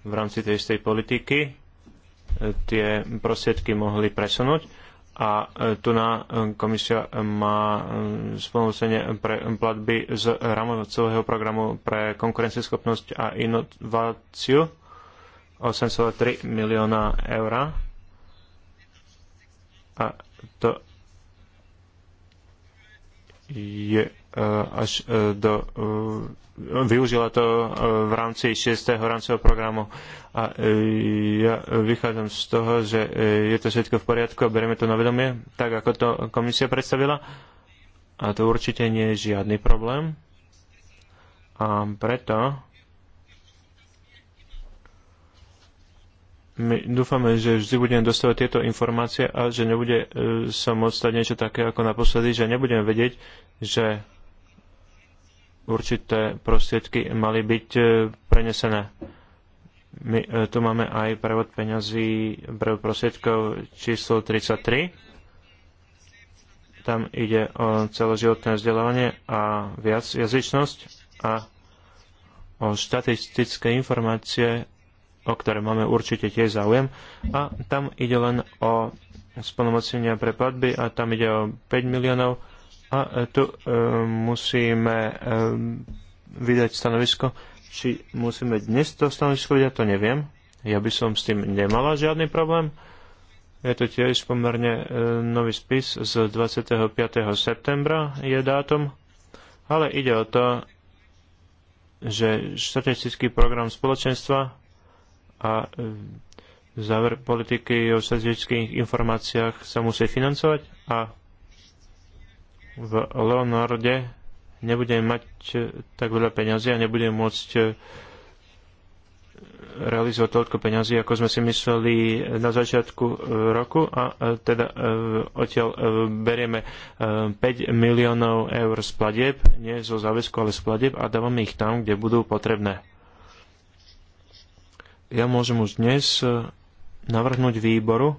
v rámci tej istej politiky. Tie prostriedky mohli presunúť a tu na komisia má spolnocenie pre platby z rámovacového programu pre konkurencieschopnosť a inováciu 8,3 milióna eur. A to je e, až e, do e, využila to v rámci 6. rámcového programu. A ja vychádzam z toho, že je to všetko v poriadku a bereme to na vedomie, tak ako to komisia predstavila. A to určite nie je žiadny problém. A preto my dúfame, že vždy budeme dostávať tieto informácie a že nebude e, sa môcť stať niečo také ako naposledy, že nebudeme vedieť, že určité prostriedky mali byť e, prenesené. My e, tu máme aj prevod peňazí pre prostriedkov číslo 33. Tam ide o celoživotné vzdelávanie a viac jazyčnosť a o štatistické informácie o ktoré máme určite tiež záujem. A tam ide len o splnomocnenia pre platby a tam ide o 5 miliónov a tu e, musíme e, vydať stanovisko. Či musíme dnes to stanovisko vydať, to neviem. Ja by som s tým nemala žiadny problém. Je to tiež pomerne e, nový spis z 25. septembra je dátum, ale ide o to, že štatistický program spoločenstva a e, záver politiky o strategických informáciách sa musí financovať a v Leonarde nebudeme mať e, tak veľa peňazí a nebudeme môcť e, realizovať toľko peňazí, ako sme si mysleli na začiatku roku a teda odtiaľ berieme 5 miliónov eur z platieb, nie zo záväzku, ale z pladieb a dávame ich tam, kde budú potrebné ja môžem už dnes e, navrhnúť výboru,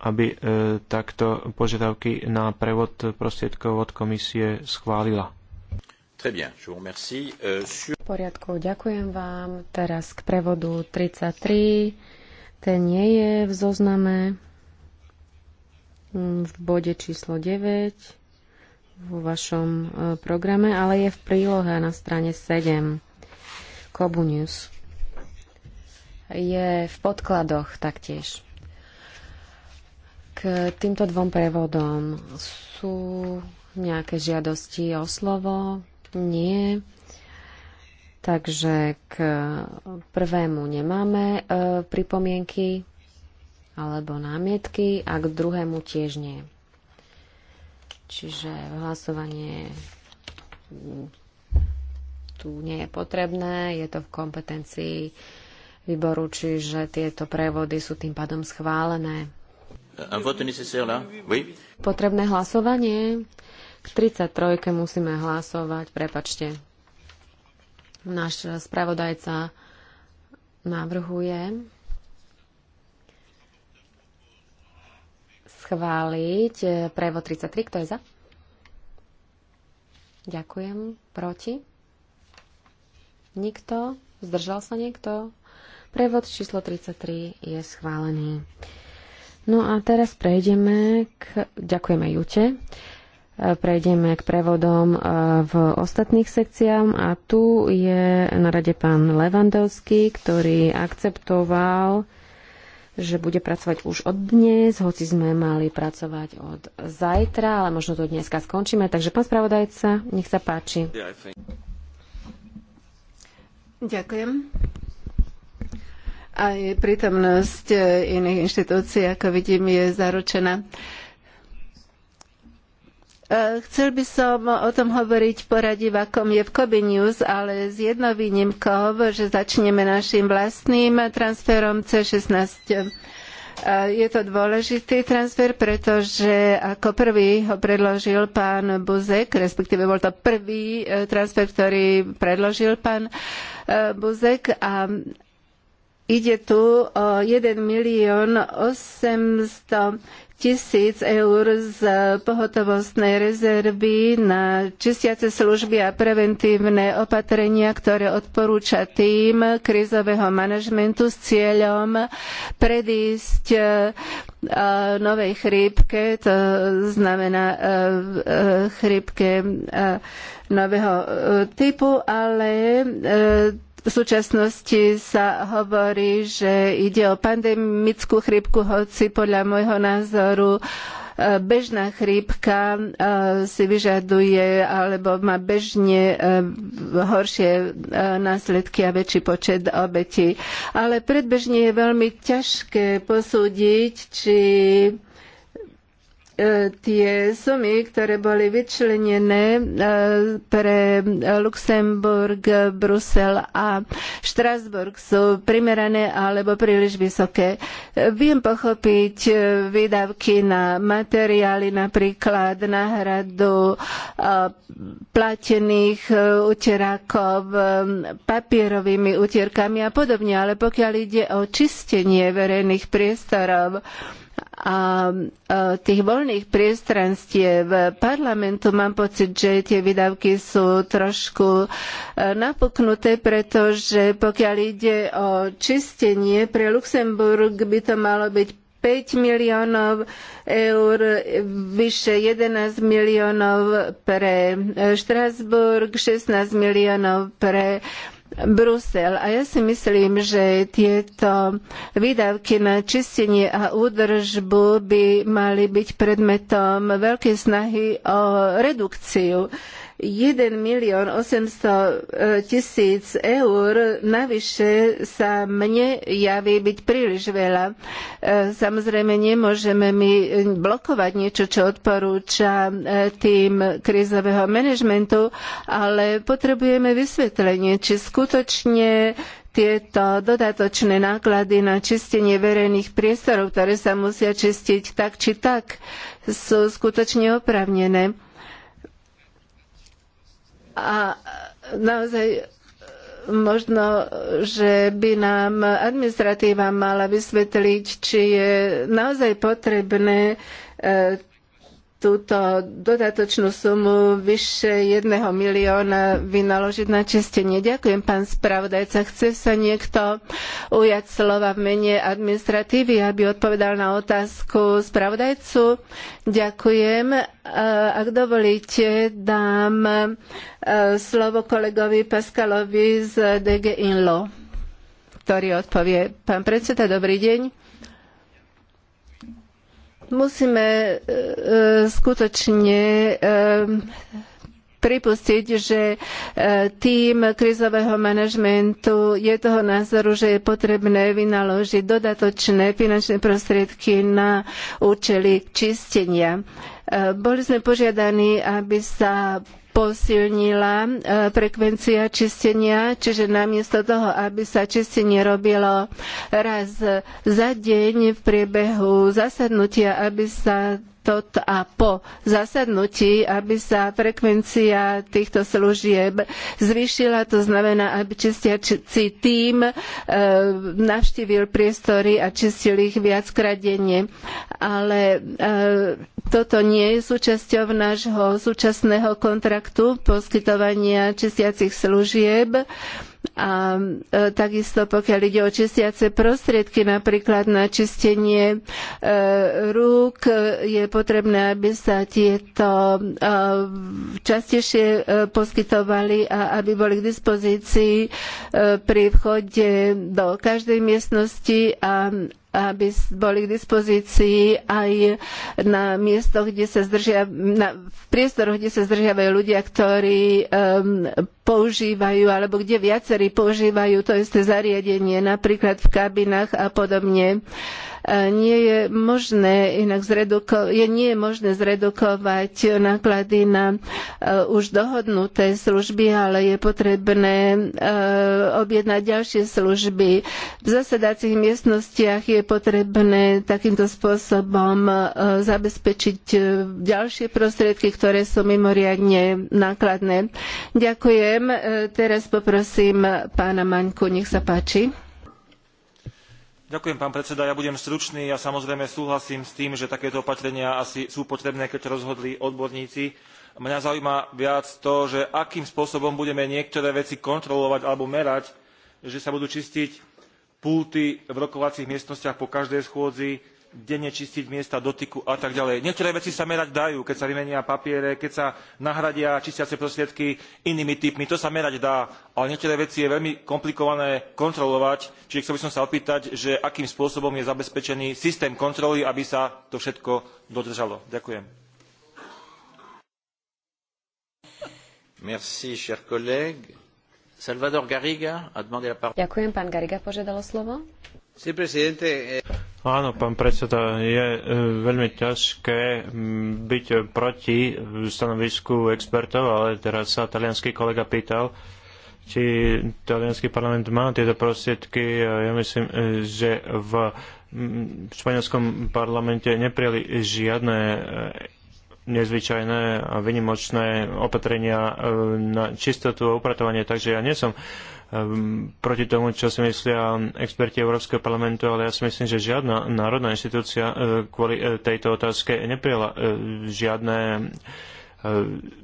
aby e, takto požiadavky na prevod prostriedkov od komisie schválila. Euh, v poriadku, ďakujem vám. Teraz k prevodu 33. Ten nie je v zozname mm, v bode číslo 9 vo vašom e, programe, ale je v prílohe na strane 7. Kobunius je v podkladoch taktiež. K týmto dvom prevodom sú nejaké žiadosti o slovo? Nie. Takže k prvému nemáme e, pripomienky alebo námietky a k druhému tiež nie. Čiže hlasovanie tu nie je potrebné, je to v kompetencii výboru, čiže tieto prevody sú tým pádom schválené. Potrebné hlasovanie? K 33. musíme hlasovať, prepačte. Náš spravodajca navrhuje schváliť eh, Prevod 33. Kto je za? Ďakujem. Proti? Nikto? Zdržal sa niekto? Prevod číslo 33 je schválený. No a teraz prejdeme k... Ďakujeme Jute. E, prejdeme k prevodom e, v ostatných sekciám a tu je na rade pán Levandovský, ktorý akceptoval že bude pracovať už od dnes, hoci sme mali pracovať od zajtra, ale možno to dneska skončíme. Takže pán spravodajca, nech sa páči. Ďakujem. Aj prítomnosť e, iných inštitúcií, ako vidím, je zaručená. E, chcel by som o tom hovoriť v poradí, v akom je v Kobe News, ale s jednou výnimkou, že začneme našim vlastným transferom C16. E, je to dôležitý transfer, pretože ako prvý ho predložil pán Buzek, respektíve bol to prvý transfer, ktorý predložil pán Buzek a Ide tu o 1 milión 800 tisíc eur z pohotovostnej rezervy na čistiace služby a preventívne opatrenia, ktoré odporúča tým krizového manažmentu s cieľom predísť e, novej chrípke, to znamená e, e, chrípke nového typu, ale v súčasnosti sa hovorí, že ide o pandemickú chrípku, hoci podľa môjho názoru e, bežná chrípka e, si vyžaduje alebo má bežne e, horšie následky a väčší počet obetí. Ale predbežne je veľmi ťažké posúdiť, či E, tie sumy, ktoré boli vyčlenené e, pre Luxemburg, Brusel a Štrasburg sú primerané alebo príliš vysoké. E, viem pochopiť výdavky na materiály, napríklad náhradu platených utierákov papierovými utierkami a podobne, ale pokiaľ ide o čistenie verejných priestorov, a tých voľných priestranstiev parlamentu mám pocit, že tie výdavky sú trošku e, napuknuté, pretože pokiaľ ide o čistenie, pre Luxemburg by to malo byť 5 miliónov eur, vyše 11 miliónov pre e, Štrasburg, 16 miliónov pre Brusel. A ja si myslím, že tieto výdavky na čistenie a údržbu by mali byť predmetom veľkej snahy o redukciu 1 milión 800 e, tisíc eur navyše sa mne javí byť príliš veľa. E, samozrejme, nemôžeme my e, blokovať niečo, čo odporúča tým krízového manažmentu, ale potrebujeme vysvetlenie, či skutočne tieto dodatočné náklady na čistenie verejných priestorov, ktoré sa musia čistiť tak či tak, sú skutočne oprávnené. A naozaj e, možno, že by nám administratíva mala vysvetliť, či je naozaj potrebné e, túto dodatočnú sumu vyše jedného milióna vynaložiť na čistenie. Ďakujem, pán spravodajca. Chce sa niekto ujať slova v mene administratívy, aby odpovedal na otázku spravodajcu? Ďakujem. Eh, ak dovolíte, dám eh, slovo kolegovi Paskalovi z DG Inlo, ktorý odpovie. Pán predseda, dobrý deň. Musíme e, e, skutočne e, pripustiť, že tým krizového manažmentu je toho názoru, že je potrebné vynaložiť dodatočné finančné prostriedky na účely čistenia. Boli sme požiadaní, aby sa posilnila e, frekvencia čistenia, čiže namiesto toho, aby sa čistenie robilo raz za deň v priebehu zasadnutia, aby sa metód a po zasadnutí, aby sa frekvencia týchto služieb zvýšila, to znamená, aby čistiaci tím e, navštívil priestory a čistil ich viackrát denne. Ale e, toto nie je súčasťou nášho súčasného kontraktu poskytovania čistiacich služieb a e, takisto pokiaľ ide o čistiace prostriedky, napríklad na čistenie e, rúk, e, je potrebné, aby sa tieto častejšie poskytovali a aby boli k dispozícii pri vchode do každej miestnosti a aby boli k dispozícii aj na miestoch, kde sa zdržia, na, v priestoroch, kde sa zdržiavajú ľudia, ktorí um, používajú, alebo kde viacerí používajú to isté zariadenie, napríklad v kabinách a podobne. Uh, E, nie je možné inak zreduko- je, nie je možné zredukovať náklady na e, už dohodnuté služby, ale je potrebné e, objednať ďalšie služby. V zasedacích miestnostiach je potrebné takýmto spôsobom zabezpečiť ďalšie prostriedky, ktoré sú mimoriadne nákladné. Ďakujem. Teraz poprosím pána Maňku, nech sa páči. Ďakujem, pán predseda. Ja budem stručný. Ja samozrejme súhlasím s tým, že takéto opatrenia asi sú potrebné, keď rozhodli odborníci. Mňa zaujíma viac to, že akým spôsobom budeme niektoré veci kontrolovať alebo merať, že sa budú čistiť pulty v rokovacích miestnostiach po každej schôdzi, denne čistiť miesta dotyku a tak ďalej. Niektoré veci sa merať dajú, keď sa vymenia papiere, keď sa nahradia čistiace prostriedky inými typmi, to sa merať dá, ale niektoré veci je veľmi komplikované kontrolovať, čiže chcel by som sa opýtať, že akým spôsobom je zabezpečený systém kontroly, aby sa to všetko dodržalo. Ďakujem. Merci, Ďakujem, pán Garriga požiadalo slovo. Sí, Áno, pán predseda, je e, veľmi ťažké byť proti stanovisku expertov, ale teraz sa talianský kolega pýtal, či talianský parlament má tieto prostriedky. Ja myslím, e, že v španielskom parlamente neprijali žiadne e, nezvyčajné a vynimočné opatrenia e, na čistotu a upratovanie, takže ja nie som e, proti tomu, čo si myslia experti Európskeho parlamentu, ale ja si myslím, že žiadna národná inštitúcia e, kvôli tejto otázke neprijala žiadne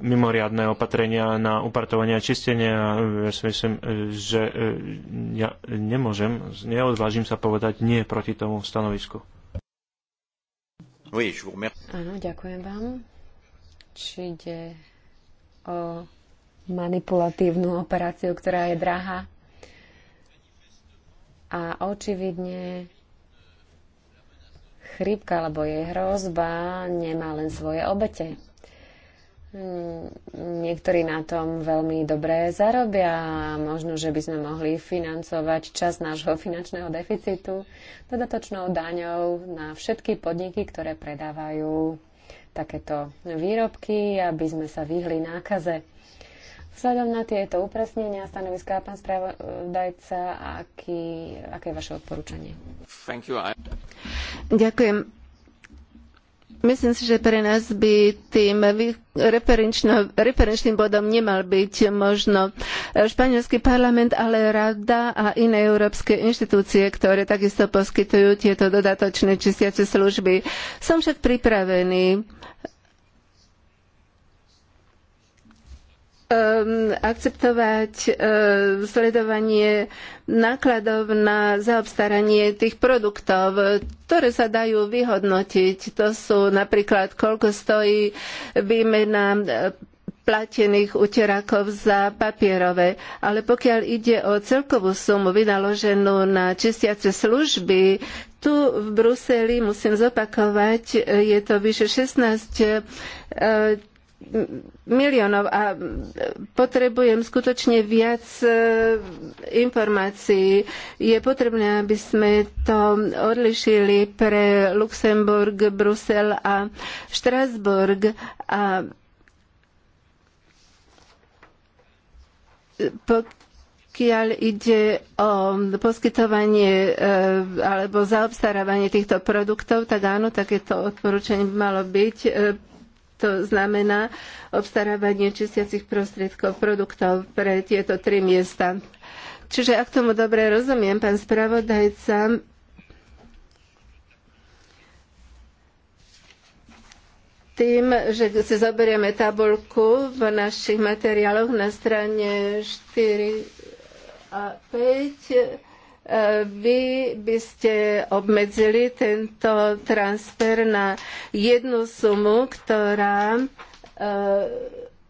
mimoriadne opatrenia na upartovanie a čistenie. Ja si myslím, že ja nemôžem, neodvážim sa povedať nie proti tomu stanovisku. Áno, ďakujem vám či ide o manipulatívnu operáciu, ktorá je drahá. A očividne chrípka alebo jej hrozba nemá len svoje obete. Niektorí na tom veľmi dobre zarobia. a Možno, že by sme mohli financovať čas nášho finančného deficitu dodatočnou daňou na všetky podniky, ktoré predávajú takéto výrobky, aby sme sa vyhli nákaze. Vzhľadom na tieto upresnenia stanoviská pán spravodajca, aký, aké je vaše odporúčanie? Ďakujem. Myslím si, že pre nás by tým referenčným bodom nemal byť možno španielský parlament, ale rada a iné európske inštitúcie, ktoré takisto poskytujú tieto dodatočné čistiace služby. Som však pripravený Ehm, akceptovať ehm, sledovanie nákladov na zaobstaranie tých produktov, ktoré sa dajú vyhodnotiť. To sú napríklad, koľko stojí výmena e, platených uterákov za papierové. Ale pokiaľ ide o celkovú sumu vynaloženú na čistiace služby, tu v Bruseli, musím zopakovať, e, je to vyše 16 miliónov a potrebujem skutočne viac e, informácií. Je potrebné, aby sme to odlišili pre Luxemburg, Brusel a Štrasburg a pokiaľ ide o poskytovanie e, alebo zaobstarávanie týchto produktov, tak áno, takéto odporúčanie by malo byť e, to znamená obstarávanie čistiacich prostriedkov produktov pre tieto tri miesta. Čiže ak tomu dobre rozumiem, pán spravodajca, tým, že si zoberieme tabulku v našich materiáloch na strane 4 a 5, vy by ste obmedzili tento transfer na jednu sumu, ktorá e,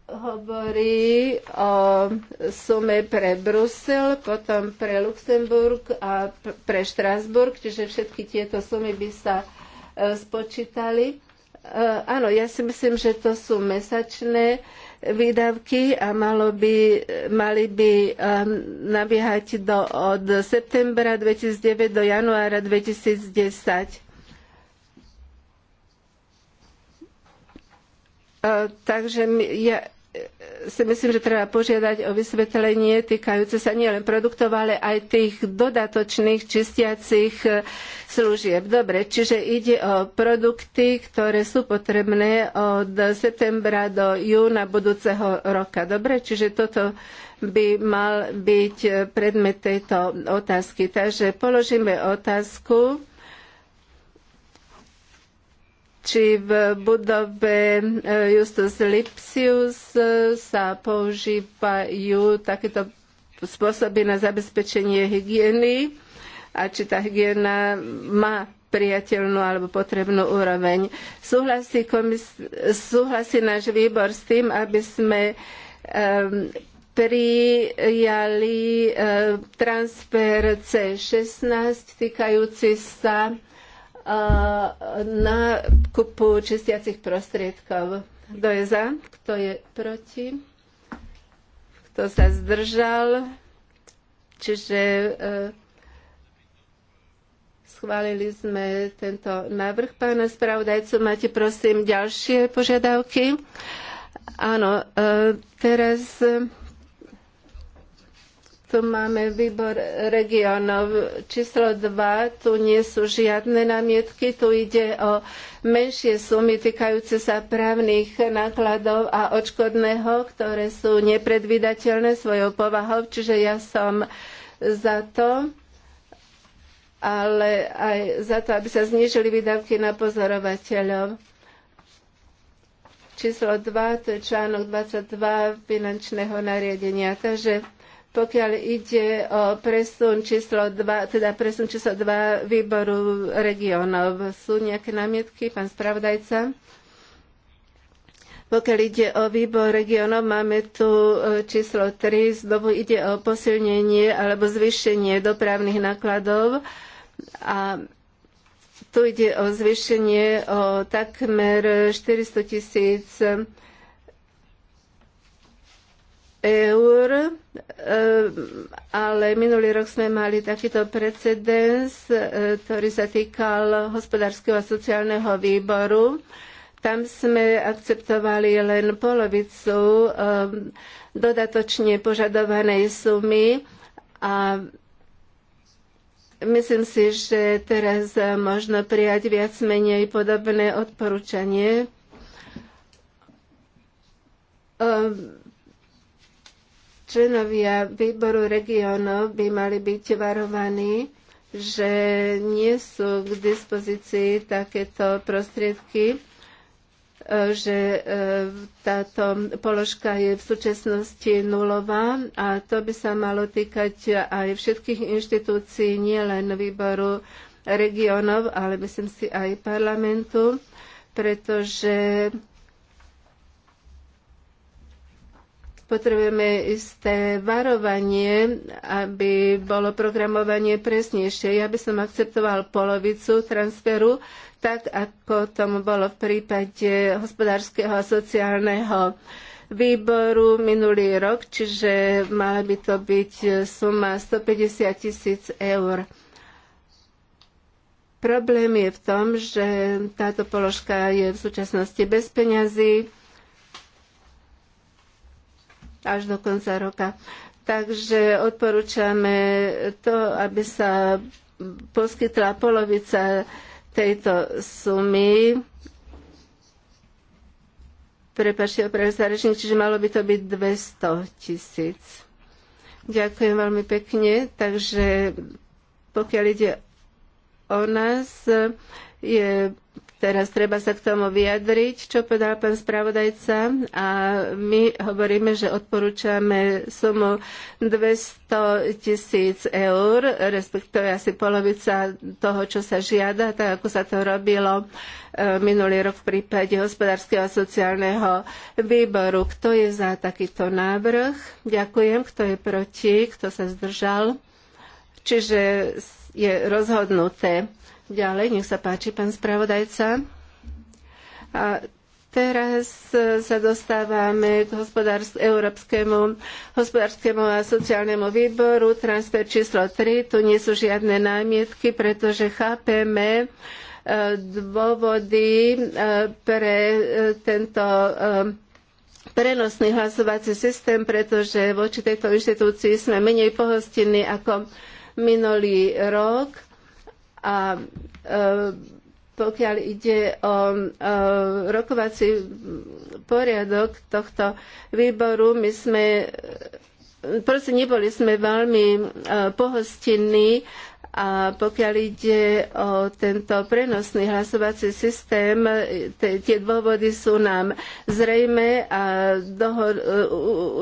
hovorí o sume pre Brusel, potom pre Luxemburg a pre Štrasburg, čiže všetky tieto sumy by sa e, spočítali. E, áno, ja si myslím, že to sú mesačné výdavky a malo by, mali by um, nabiehať do, od septembra 2009 do januára 2010. E, takže ja, si myslím, že treba požiadať o vysvetlenie týkajúce sa nielen produktov, ale aj tých dodatočných čistiacich e, služieb. Dobre, čiže ide o produkty, ktoré sú potrebné od septembra do júna budúceho roka. Dobre, čiže toto by mal byť predmet tejto otázky. Takže položíme otázku či v budove eh, Justus Lipsius eh, sa používajú takéto spôsoby na zabezpečenie hygieny a či tá hygiena má priateľnú alebo potrebnú úroveň. Súhlasí, komis- súhlasí náš výbor s tým, aby sme um, prijali um, transfer C16 týkajúci sa na kupu čistiacich prostriedkov. Kto je za? Kto je proti? Kto sa zdržal? Čiže e, schválili sme tento návrh pána spravodajcu. Máte prosím ďalšie požiadavky? Áno, e, teraz tu máme výbor regionov. Číslo 2, tu nie sú žiadne námietky, tu ide o menšie sumy týkajúce sa právnych nákladov a odškodného, ktoré sú nepredvídateľné svojou povahou, čiže ja som za to ale aj za to, aby sa znižili výdavky na pozorovateľov. Číslo 2, to je článok 22 finančného nariadenia. Takže pokiaľ ide o presun číslo 2, teda presun číslo 2 výboru regionov, sú nejaké námietky, pán spravodajca? Pokiaľ ide o výbor regionov, máme tu e, číslo 3, znovu ide o posilnenie alebo zvýšenie dopravných nákladov a tu ide o zvýšenie o takmer 400 tisíc 000 eur, e, ale minulý rok sme mali takýto precedens, e, ktorý sa týkal hospodárskeho a sociálneho výboru. Tam sme akceptovali len polovicu e, dodatočne požadovanej sumy a myslím si, že teraz možno prijať viac menej podobné odporúčanie. Um, Členovia výboru regionov by mali byť varovaní, že nie sú k dispozícii takéto prostriedky, e, že e, táto položka je v súčasnosti nulová a to by sa malo týkať aj všetkých inštitúcií, nielen výboru regionov, ale myslím si aj parlamentu, pretože potrebujeme isté varovanie, aby bolo programovanie presnejšie. Ja by som akceptoval polovicu transferu, tak ako tomu bolo v prípade hospodárskeho a sociálneho výboru minulý rok, čiže mala by to byť suma 150 tisíc eur. Problém je v tom, že táto položka je v súčasnosti bez peňazí až do konca roka. Takže odporúčame to, aby sa poskytla polovica tejto sumy. Prepačte, opravdu sa čiže malo by to byť 200 tisíc. Ďakujem veľmi pekne. Takže pokiaľ ide o nás, je Teraz treba sa k tomu vyjadriť, čo povedal pán spravodajca a my hovoríme, že odporúčame sumu 200 tisíc eur, respektíve asi polovica toho, čo sa žiada, tak ako sa to robilo e, minulý rok v prípade hospodárskeho a sociálneho výboru. Kto je za takýto návrh? Ďakujem. Kto je proti? Kto sa zdržal? Čiže je rozhodnuté. Ďalej, nech sa páči, pán spravodajca. A teraz e, sa dostávame k hospodársk- Európskemu hospodárskému a sociálnemu výboru. Transfer číslo 3. Tu nie sú žiadne námietky, pretože chápeme e, dôvody e, pre tento prenosný hlasovací systém, pretože voči tejto inštitúcii sme menej pohostinní ako minulý rok a e, pokiaľ ide o, e, rokovací poriadok tohto výboru, my sme proste neboli sme veľmi e, pohostinní a pokiaľ ide o tento prenosný hlasovací systém, tie dôvody sú nám zrejme a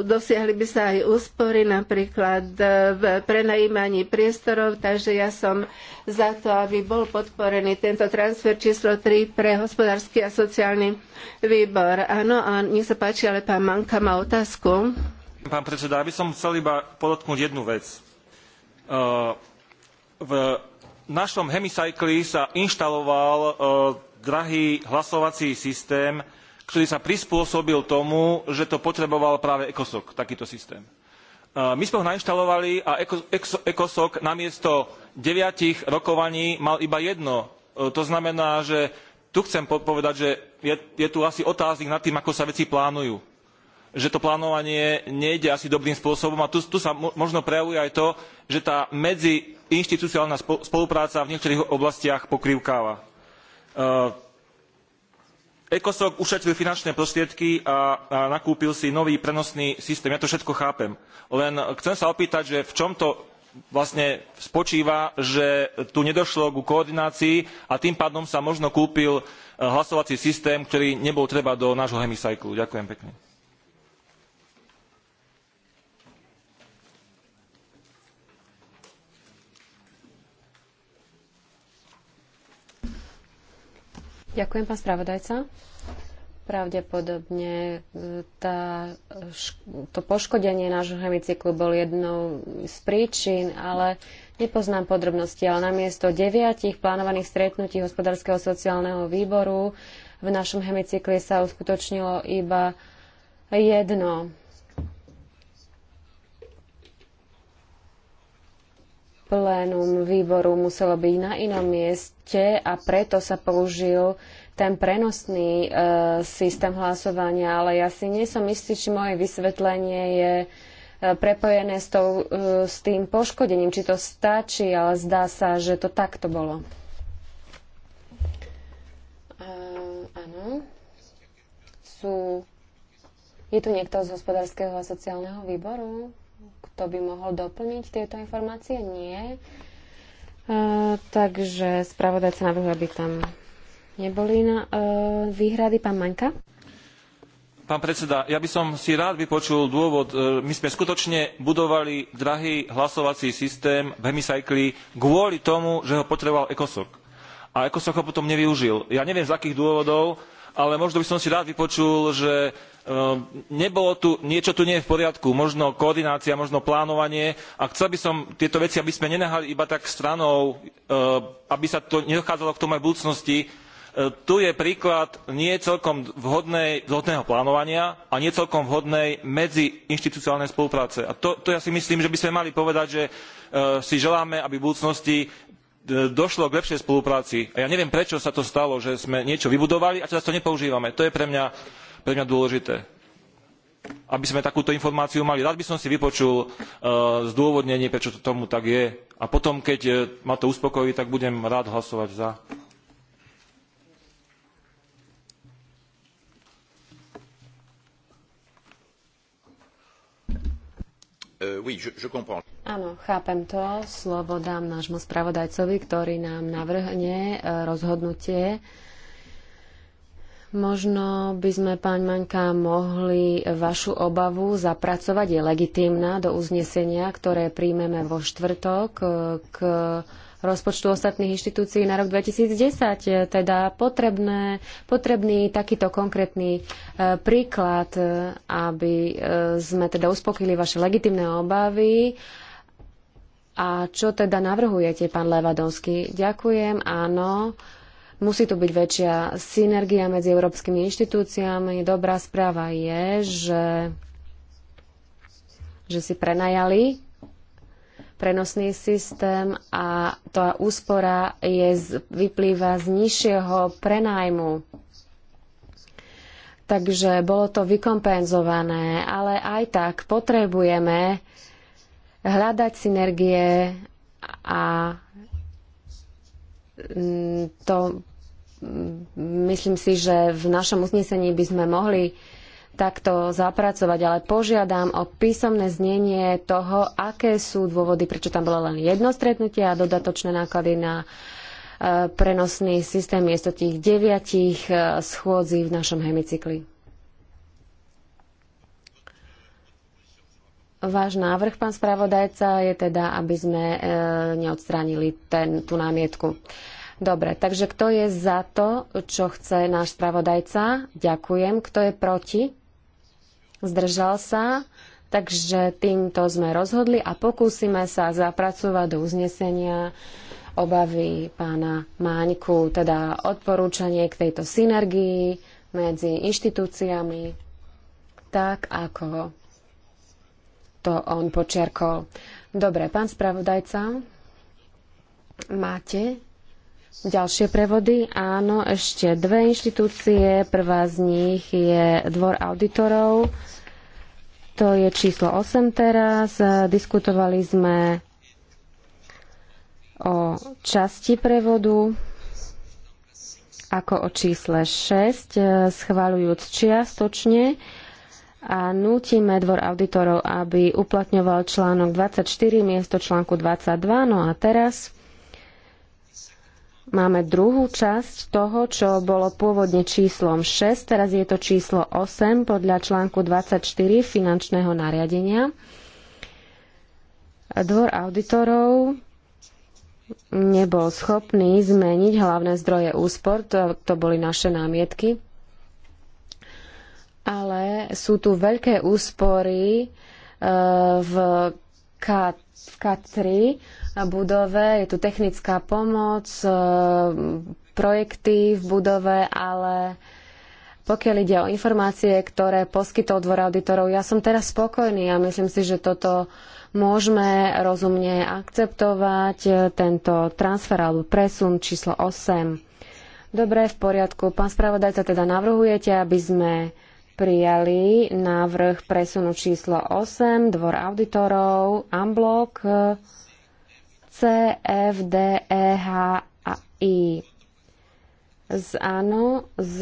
dosiahli by sa aj úspory napríklad e, v prenajímaní priestorov, takže ja som za to, aby bol podporený tento transfer číslo 3 pre hospodársky a sociálny výbor. Áno, a nech sa páči, ale pán Manka má otázku. Pán predseda, ja by som chcel iba podotknúť jednu vec. Uh v našom hemicykli sa inštaloval e, drahý hlasovací systém, ktorý sa prispôsobil tomu, že to potreboval práve ECOSOC, takýto systém. E, my sme ho nainštalovali a ECOSOC namiesto deviatich rokovaní mal iba jedno. E, to znamená, že tu chcem povedať, že je, je tu asi otáznik nad tým, ako sa veci plánujú že to plánovanie nejde asi dobrým spôsobom a tu, tu sa možno prejavuje aj to, že tá medzi inštitucionálna spolupráca v niektorých oblastiach pokrývkáva. E, ECOSOC ušetril finančné prostriedky a, a, nakúpil si nový prenosný systém. Ja to všetko chápem. Len chcem sa opýtať, že v čom to vlastne spočíva, že tu nedošlo ku koordinácii a tým pádom sa možno kúpil e, hlasovací systém, ktorý nebol treba do nášho hemicyklu. Ďakujem pekne. Ďakujem, pán spravodajca. Pravdepodobne e, tá, to poškodenie nášho hemicyklu bol jednou z príčin, ale nepoznám podrobnosti, ale namiesto deviatich plánovaných stretnutí hospodárskeho sociálneho výboru v našom hemicykle sa uskutočnilo iba jedno. plénum výboru muselo byť na inom mieste a preto sa použil ten prenosný e, systém hlasovania, ale ja si nie som istý, či moje vysvetlenie je e, prepojené s, tou, e, s tým poškodením, či to stačí, ale zdá sa, že to takto bolo. E, áno. Sú... Je tu niekto z hospodárskeho a sociálneho výboru? kto by mohol doplniť tieto informácie? Nie. Uh, takže spravodajca navrhuje, aby tam neboli na, uh, výhrady. Pán Maňka? Pán predseda, ja by som si rád vypočul dôvod. E, my sme skutočne budovali drahý hlasovací systém v hemicycli kvôli tomu, že ho potreboval Ekosok. A Ekosok ho potom nevyužil. Ja neviem z akých dôvodov, ale možno by som si rád vypočul, že Ehm, nebolo tu, niečo tu nie je v poriadku, možno koordinácia, možno plánovanie a chcel by som tieto veci, aby sme nenahali iba tak stranou, ehm, aby sa to nedochádzalo k tomu aj v budúcnosti. Ehm, tu je príklad nie celkom vhodnej, vhodného plánovania a nie celkom vhodnej medziinštitucionálnej spolupráce. A to, to ja si myslím, že by sme mali povedať, že si želáme, aby v budúcnosti došlo k lepšej spolupráci. A ja neviem, prečo sa to stalo, že sme niečo vybudovali a teraz to nepoužívame. To je pre mňa pre mňa dôležité aby sme takúto informáciu mali. Rád by som si vypočul uh, zdôvodnenie, prečo to tomu tak je. A potom, keď uh, ma to uspokojí, tak budem rád hlasovať za. Uh, oui, je, je Áno, chápem to. Slovo dám nášmu spravodajcovi, ktorý nám navrhne rozhodnutie uh, Možno by sme, pán Maňka, mohli vašu obavu zapracovať, je legitímna, do uznesenia, ktoré príjmeme vo štvrtok e, k rozpočtu ostatných inštitúcií na rok 2010. E, teda potrebné, potrebný takýto konkrétny e, príklad, aby sme teda uspokojili vaše legitímne obavy. A čo teda navrhujete, pán Levadovský? Ďakujem, áno. Musí tu byť väčšia synergia medzi európskymi inštitúciami. Dobrá správa je, že, že si prenajali prenosný systém a tá úspora je, vyplýva z nižšieho prenajmu. Takže bolo to vykompenzované, ale aj tak potrebujeme hľadať synergie a Mm, to mm, myslím si, že v našom uznesení by sme mohli takto zapracovať, ale požiadam o písomné znenie toho, aké sú dôvody, prečo tam bolo len jedno stretnutie a dodatočné náklady na e, prenosný systém miesto tých deviatich e, schôdzí v našom hemicykli. Váš návrh, pán spravodajca, je teda, aby sme e, neodstránili ten, tú námietku. Dobre, takže kto je za to, čo chce náš spravodajca? Ďakujem. Kto je proti? Zdržal sa? Takže týmto sme rozhodli a pokúsime sa zapracovať do uznesenia obavy pána Máňku, teda odporúčanie k tejto synergii medzi inštitúciami, tak ako to on počiarkol. Dobre, pán spravodajca, máte ďalšie prevody? Áno, ešte dve inštitúcie. Prvá z nich je Dvor auditorov. To je číslo 8 teraz. Diskutovali sme o časti prevodu ako o čísle 6, schváľujúc čiastočne a nútime dvor auditorov, aby uplatňoval článok 24 miesto článku 22. No a teraz máme druhú časť toho, čo bolo pôvodne číslom 6, teraz je to číslo 8 podľa článku 24 finančného nariadenia. Dvor auditorov nebol schopný zmeniť hlavné zdroje úspor, to, to boli naše námietky, ale sú tu veľké úspory e, v K, v 3 budove, je tu technická pomoc, e, projekty v budove, ale pokiaľ ide o informácie, ktoré poskytol dvor auditorov, ja som teraz spokojný a myslím si, že toto môžeme rozumne akceptovať, e, tento transfer alebo presun číslo 8. Dobre, v poriadku. Pán spravodajca, teda navrhujete, aby sme prijali návrh presunu číslo 8, dvor auditorov, Amblok, CFDEHI. a I. Z áno, s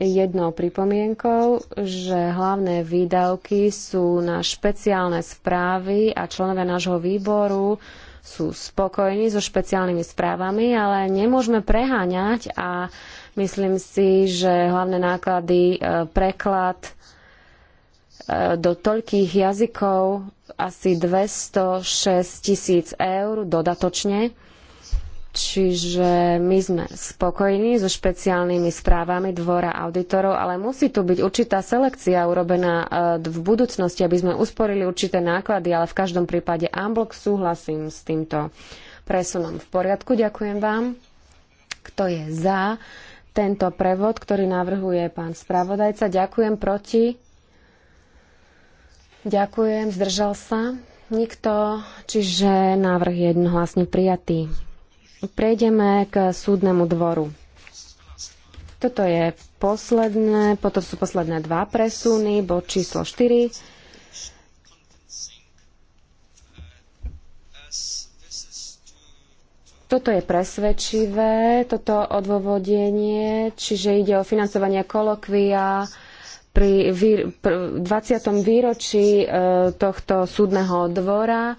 jednou pripomienkou, že hlavné výdavky sú na špeciálne správy a členovia nášho výboru sú spokojní so špeciálnymi správami, ale nemôžeme preháňať a Myslím si, že hlavné náklady e, preklad e, do toľkých jazykov asi 206 tisíc eur dodatočne. Čiže my sme spokojní so špeciálnymi správami dvora auditorov, ale musí tu byť určitá selekcia urobená e, v budúcnosti, aby sme usporili určité náklady, ale v každom prípade Amblok súhlasím s týmto presunom. V poriadku, ďakujem vám. Kto je za tento prevod, ktorý navrhuje pán spravodajca. Ďakujem proti. Ďakujem, zdržal sa. Nikto, čiže návrh je jednohlasne prijatý. Prejdeme k súdnemu dvoru. Toto je posledné, potom sú posledné dva presuny, bod číslo 4 Toto je presvedčivé, toto odôvodenie, čiže ide o financovanie kolokvia pri 20. výročí e, tohto súdneho dvora.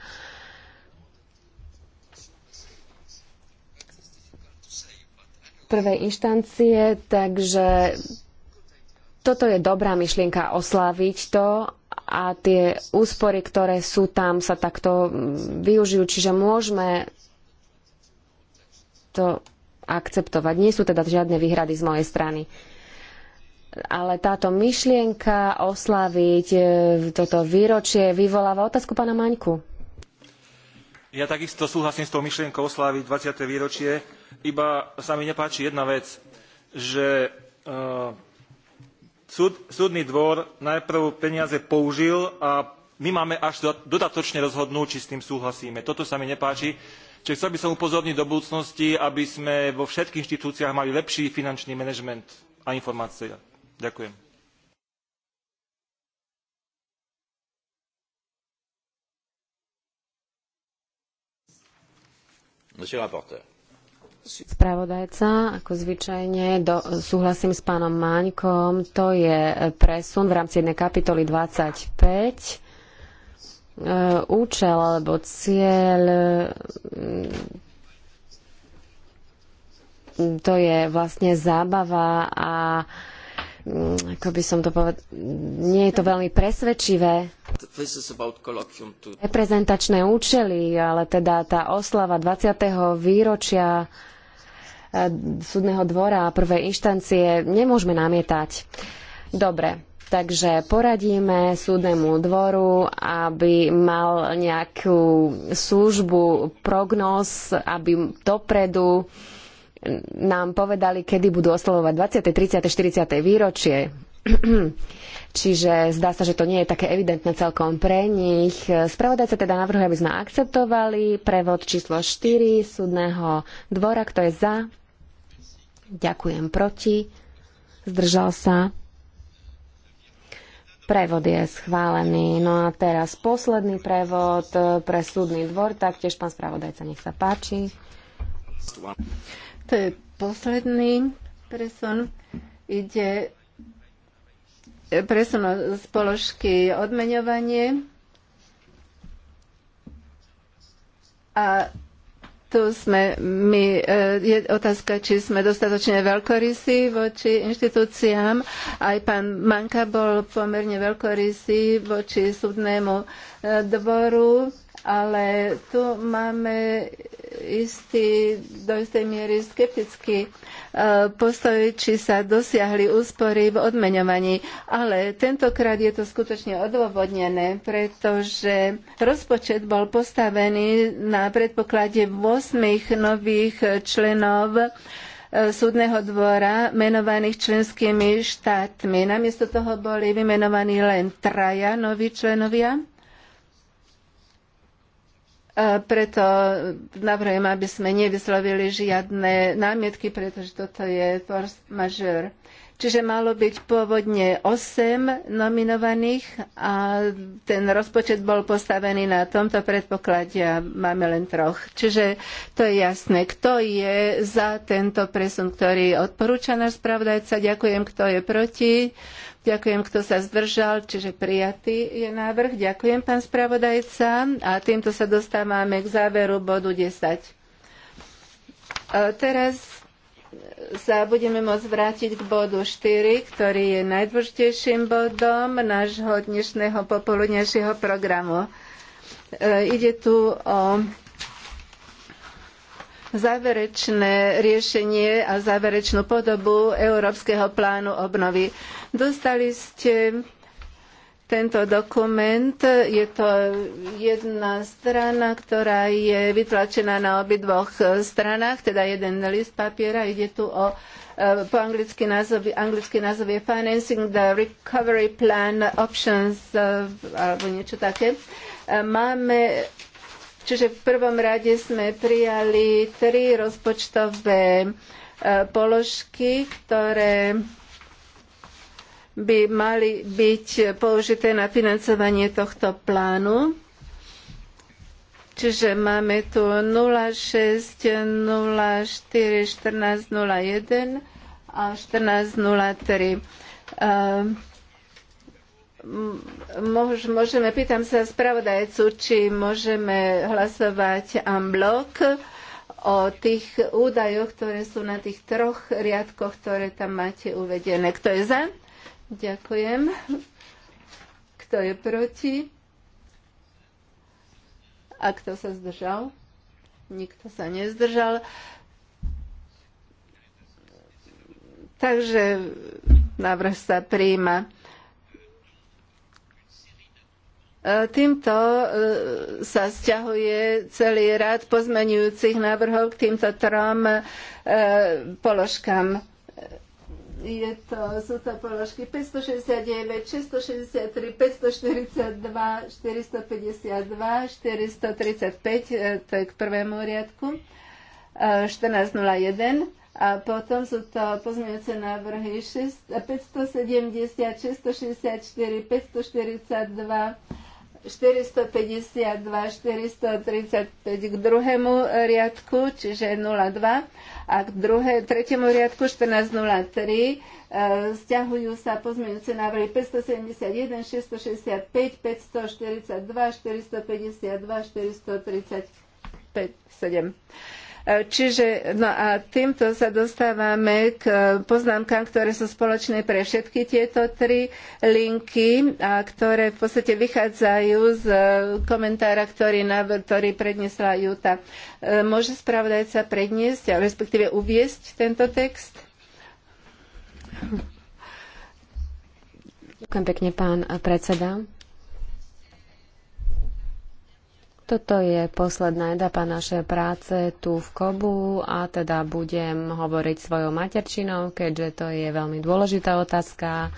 prvej inštancie, takže toto je dobrá myšlienka osláviť to a tie úspory, ktoré sú tam, sa takto mm, využijú. Čiže môžeme to akceptovať. Nie sú teda žiadne výhrady z mojej strany. Ale táto myšlienka oslaviť e, toto výročie vyvoláva otázku pána Maňku. Ja takisto súhlasím s tou myšlienkou osláviť 20. výročie, iba sa mi nepáči jedna vec, že uh, súd, súdny dvor najprv peniaze použil a my máme až dodatočne rozhodnúť, či s tým súhlasíme. Toto sa mi nepáči Čiže chcel by som upozorniť do budúcnosti, aby sme vo všetkých inštitúciách mali lepší finančný manažment a informácie. Ďakujem. Spravodajca, ako zvyčajne, do, súhlasím s pánom Maňkom, to je presun v rámci jednej kapitoly 25 E, účel alebo cieľ mm, to je vlastne zábava a mm, ako by som to povedal, nie je to veľmi presvedčivé. Reprezentačné účely, ale teda tá oslava 20. výročia e, súdneho dvora a prvej inštancie nemôžeme namietať. Dobre, Takže poradíme súdnemu dvoru, aby mal nejakú službu prognóz, aby dopredu nám povedali, kedy budú oslovovať 20., 30., 40. výročie. Čiže zdá sa, že to nie je také evidentné celkom pre nich. Spravodajca teda navrhuje, aby sme akceptovali prevod číslo 4 súdneho dvora. Kto je za? Ďakujem proti. Zdržal sa. Prevod je schválený. No a teraz posledný prevod e, pre súdny dvor. Taktiež pán spravodajca, nech sa páči. To je posledný presun. Ide presun z položky odmeňovanie a tu sme my, e, je otázka, či sme dostatočne veľkorysí voči inštitúciám. Aj pán Manka bol pomerne veľkorysí voči súdnemu e, dvoru ale tu máme istý, do istej miery skeptický e, postoj, či sa dosiahli úspory v odmeňovaní. Ale tentokrát je to skutočne odôvodnené, pretože rozpočet bol postavený na predpoklade 8 nových členov e, súdneho dvora menovaných členskými štátmi. Namiesto toho boli vymenovaní len traja noví členovia E, preto navrhujem, aby sme nevyslovili žiadne námietky, pretože toto je force majeure. Čiže malo byť pôvodne 8 nominovaných a ten rozpočet bol postavený na tomto predpoklade a máme len troch. Čiže to je jasné, kto je za tento presun, ktorý odporúča náš spravodajca. Ďakujem, kto je proti. Ďakujem, kto sa zdržal, čiže prijatý je návrh. Ďakujem, pán spravodajca. A týmto sa dostávame k záveru bodu 10. Teraz sa budeme môcť vrátiť k bodu 4, ktorý je najdôležitejším bodom nášho dnešného popoludnejšieho programu. E, ide tu o záverečné riešenie a záverečnú podobu Európskeho plánu obnovy. Dostali ste tento dokument. Je to jedna strana, ktorá je vytlačená na obidvoch stranách, teda jeden list papiera. Ide tu o e, po anglicky názov, anglický názov je Financing the Recovery Plan Options e, alebo niečo také. E, máme Čiže v prvom rade sme prijali tri rozpočtové e, položky, ktoré by mali byť použité na financovanie tohto plánu. Čiže máme tu 06, 04, 14, 01 a 14, 03. Môž, môžeme, pýtam sa spravodajcu, či môžeme hlasovať en bloc o tých údajoch, ktoré sú na tých troch riadkoch, ktoré tam máte uvedené. Kto je za? Ďakujem. Kto je proti? A kto sa zdržal? Nikto sa nezdržal. Takže návrh sa prijíma. Týmto e, sa sťahuje celý rad pozmenujúcich návrhov k týmto trom e, položkám. Je to, sú to položky 569, 663, 542, 452, 435, to je k prvému riadku, 1401. E, A potom sú to pozmeňujúce návrhy 6, 570, 664, 542, 452, 435 k druhému riadku, čiže 02 a k druhé, tretiemu riadku 1403 e, stiahujú sa pozmeňujúce návrhy 571, 665, 542, 452, 435, 7. Čiže, no a týmto sa dostávame k poznámkam, ktoré sú spoločné pre všetky tieto tri linky a ktoré v podstate vychádzajú z komentára, ktorý, ktorý predniesla Juta. Môže spravodajca predniesť, respektíve uviesť tento text? Ďakujem pekne, pán predseda. Toto je posledná etapa našej práce tu v Kobu a teda budem hovoriť svojou materčinou, keďže to je veľmi dôležitá otázka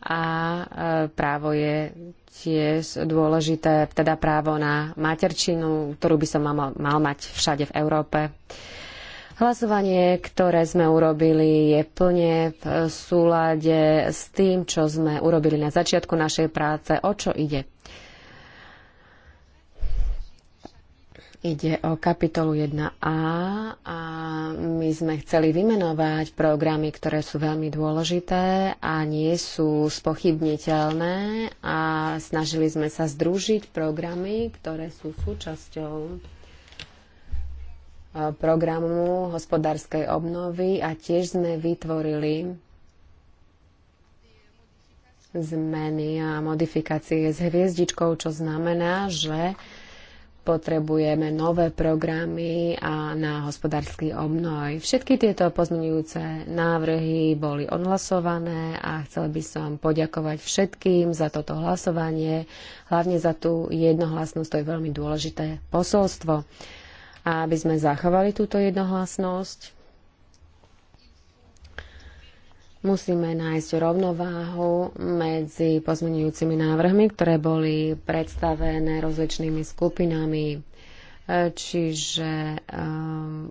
a e, právo je tiež dôležité, teda právo na materčinu, ktorú by som mal, mal mať všade v Európe. Hlasovanie, ktoré sme urobili, je plne v súlade s tým, čo sme urobili na začiatku našej práce, o čo ide. Ide o kapitolu 1a a my sme chceli vymenovať programy, ktoré sú veľmi dôležité a nie sú spochybniteľné a snažili sme sa združiť programy, ktoré sú súčasťou e, programu hospodárskej obnovy a tiež sme vytvorili zmeny a modifikácie s hviezdičkou, čo znamená, že potrebujeme nové programy a na hospodársky obnoj. Všetky tieto pozmeňujúce návrhy boli odhlasované a chcel by som poďakovať všetkým za toto hlasovanie, hlavne za tú jednohlasnosť, to je veľmi dôležité posolstvo. A aby sme zachovali túto jednohlasnosť, Musíme nájsť rovnováhu medzi pozmenujúcimi návrhmi, ktoré boli predstavené rozličnými skupinami, čiže um,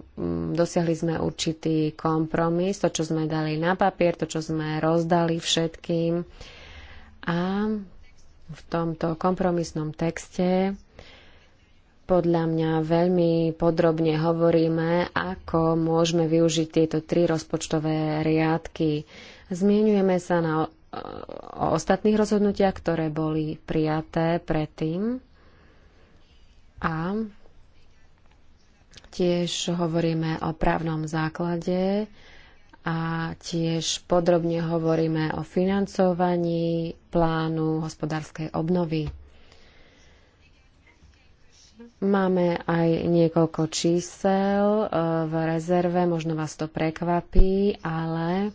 dosiahli sme určitý kompromis, to, čo sme dali na papier, to, čo sme rozdali všetkým. A v tomto kompromisnom texte podľa mňa veľmi podrobne hovoríme, ako môžeme využiť tieto tri rozpočtové riadky. Zmienujeme sa na, e, o ostatných rozhodnutiach, ktoré boli prijaté predtým. A tiež hovoríme o právnom základe a tiež podrobne hovoríme o financovaní plánu hospodárskej obnovy. Máme aj niekoľko čísel eh, v rezerve, možno vás to prekvapí, ale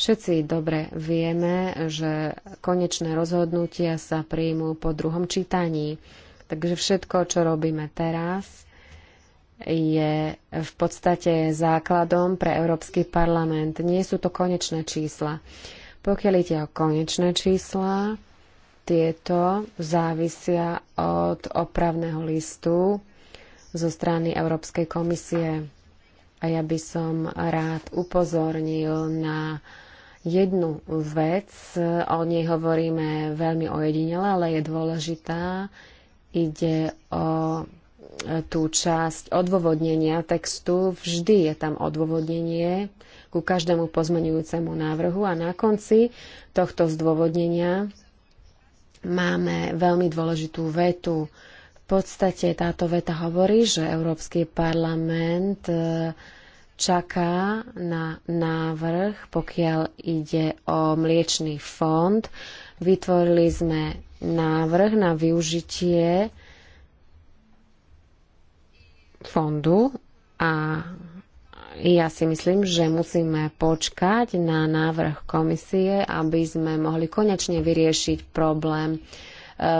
všetci dobre vieme, že konečné rozhodnutia sa príjmú po druhom čítaní. Takže všetko, čo robíme teraz, je v podstate základom pre Európsky parlament. Nie sú to konečné čísla. Pokiaľ ide o konečné čísla, tieto závisia od opravného listu zo strany Európskej komisie. A ja by som rád upozornil na jednu vec. O nej hovoríme veľmi ojedinele, ale je dôležitá. Ide o tú časť odôvodnenia textu. Vždy je tam odôvodnenie ku každému pozmenujúcemu návrhu a na konci tohto zdôvodnenia máme veľmi dôležitú vetu. V podstate táto veta hovorí, že Európsky parlament e, čaká na návrh, pokiaľ ide o mliečný fond. Vytvorili sme návrh na využitie fondu a ja si myslím, že musíme počkať na návrh komisie, aby sme mohli konečne vyriešiť problém e,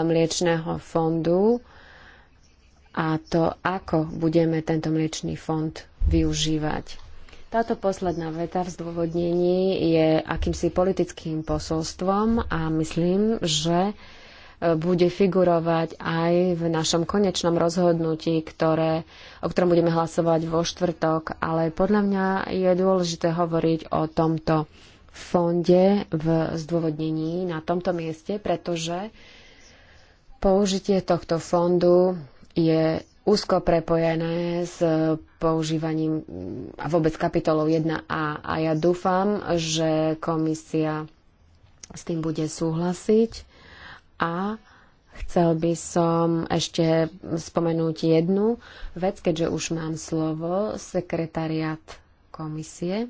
mliečného fondu a to, ako budeme tento mliečný fond využívať. Táto posledná veta v zdôvodnení je akýmsi politickým posolstvom a myslím, že bude figurovať aj v našom konečnom rozhodnutí, ktoré, o ktorom budeme hlasovať vo štvrtok. Ale podľa mňa je dôležité hovoriť o tomto fonde v zdôvodnení na tomto mieste, pretože použitie tohto fondu je úzko prepojené s používaním a vôbec kapitolou 1a. A ja dúfam, že komisia s tým bude súhlasiť a chcel by som ešte spomenúť jednu vec, keďže už mám slovo, sekretariat komisie.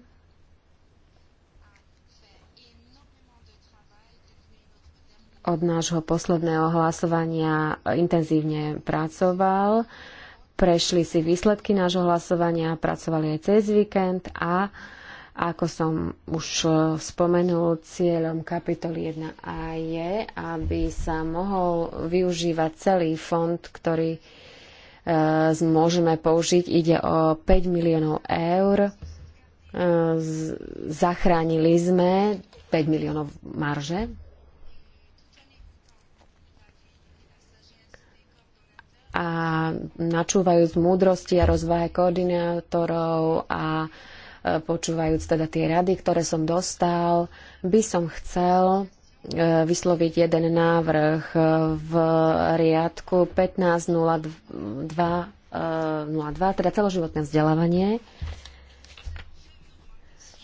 Od nášho posledného hlasovania intenzívne pracoval. Prešli si výsledky nášho hlasovania, pracovali aj cez víkend a uh, a ako som už e, spomenul, cieľom kapitoly 1a je, aby sa mohol využívať celý fond, ktorý e, môžeme použiť. Ide o 5 miliónov eur. E, zachránili sme 5 miliónov marže. A načúvajúc múdrosti a rozvahe koordinátorov a počúvajúc teda tie rady, ktoré som dostal, by som chcel e, vysloviť jeden návrh e, v riadku 15.02.02, e, teda celoživotné vzdelávanie.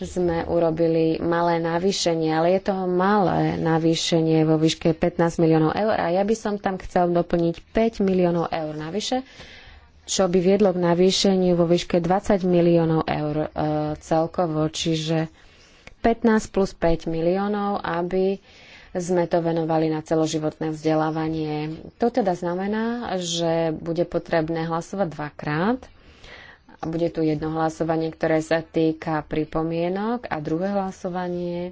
Sme urobili malé navýšenie, ale je to malé navýšenie vo výške 15 miliónov eur a ja by som tam chcel doplniť 5 miliónov eur navyše čo by viedlo k navýšeniu vo výške 20 miliónov eur e, celkovo, čiže 15 plus 5 miliónov, aby sme to venovali na celoživotné vzdelávanie. To teda znamená, že bude potrebné hlasovať dvakrát. A bude tu jedno hlasovanie, ktoré sa týka pripomienok a druhé hlasovanie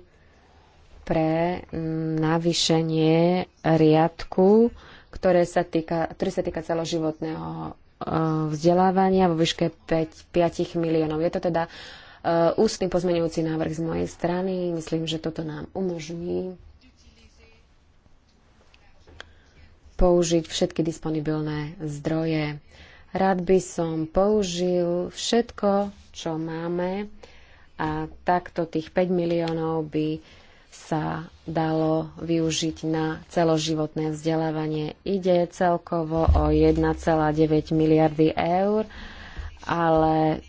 pre mm, navýšenie riadku, ktoré sa týka, ktorý sa týka celoživotného Eh, vzdelávania vo výške 5, 5 miliónov. Je to teda eh, ústny pozmeňujúci návrh z mojej strany. Myslím, že toto nám umožní použiť všetky disponibilné zdroje. Rád by som použil všetko, čo máme a takto tých 5 miliónov by sa dalo využiť na celoživotné vzdelávanie. Ide celkovo o 1,9 miliardy eur, ale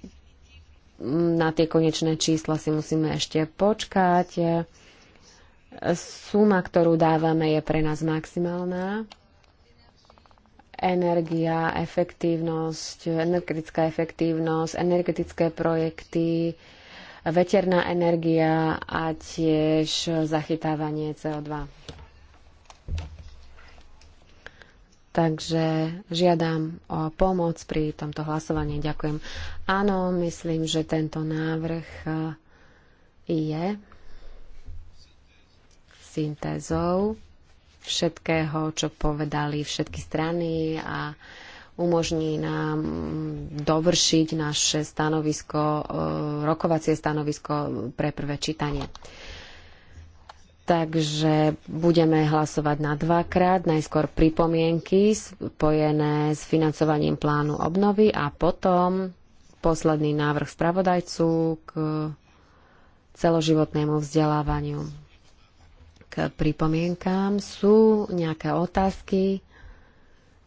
na tie konečné čísla si musíme ešte počkať. Suma, ktorú dávame, je pre nás maximálna. Energia, efektívnosť, energetická efektívnosť, energetické projekty, veterná energia a tiež zachytávanie CO2. Takže žiadam o pomoc pri tomto hlasovaní. Ďakujem. Áno, myslím, že tento návrh e, je syntézou všetkého, čo povedali všetky strany a umožní nám dovršiť naše stanovisko, e, rokovacie stanovisko pre prvé čítanie. Takže budeme hlasovať na dvakrát, najskôr pripomienky spojené s financovaním plánu obnovy a potom posledný návrh spravodajcu k celoživotnému vzdelávaniu. K pripomienkám sú nejaké otázky?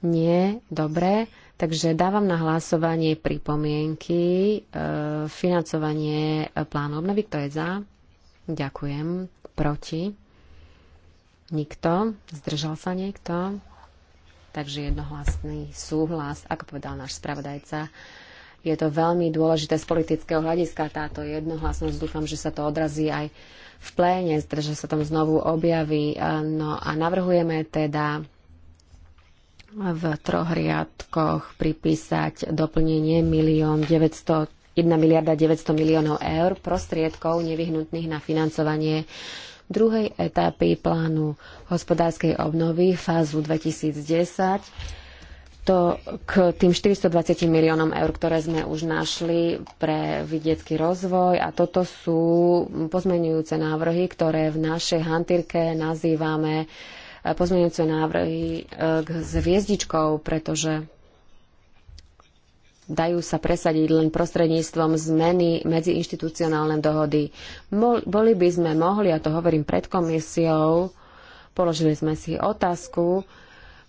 Nie, dobre. Takže dávam na hlasovanie pripomienky, e, financovanie e, plánu obnovy. Kto je za? Ďakujem. Proti? Nikto? Zdržal sa niekto? Takže jednohlasný súhlas, ako povedal náš spravodajca. Je to veľmi dôležité z politického hľadiska táto jednohlasnosť. Dúfam, že sa to odrazí aj v pléne, že sa tam znovu objaví. E, no a navrhujeme teda v troch riadkoch pripísať doplnenie 1 900 1 miliarda 900 miliónov eur prostriedkov nevyhnutných na financovanie druhej etapy plánu hospodárskej obnovy fázu 2010 to k tým 420 miliónom eur, ktoré sme už našli pre vidiecký rozvoj a toto sú pozmenujúce návrhy, ktoré v našej hantírke nazývame uh, pozmeňujúce návrhy e, k zviezdičkou, pretože dajú sa presadiť len prostredníctvom zmeny medziinstitucionálnej dohody. Boli by sme mohli, a to hovorím pred komisiou, položili sme si otázku,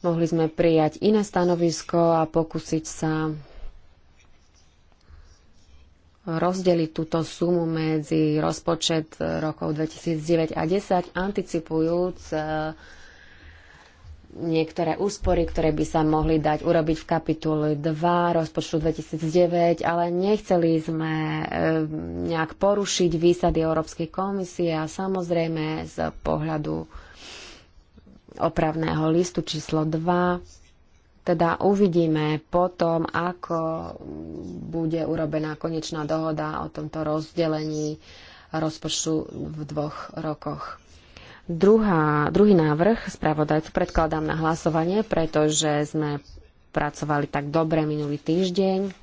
mohli sme prijať iné stanovisko a pokúsiť sa rozdeliť túto sumu medzi rozpočet rokov 2009 a 2010, anticipujúc e, niektoré úspory, ktoré by sa mohli dať urobiť v kapitule 2 rozpočtu 2009, ale nechceli sme eh, nejak porušiť výsady Európskej komisie a samozrejme z pohľadu opravného listu číslo 2 teda uvidíme potom, ako bude urobená konečná dohoda o tomto rozdelení rozpočtu v dvoch rokoch. Druhá, druhý návrh spravodajcu predkladám na hlasovanie, pretože sme pracovali tak dobre minulý týždeň.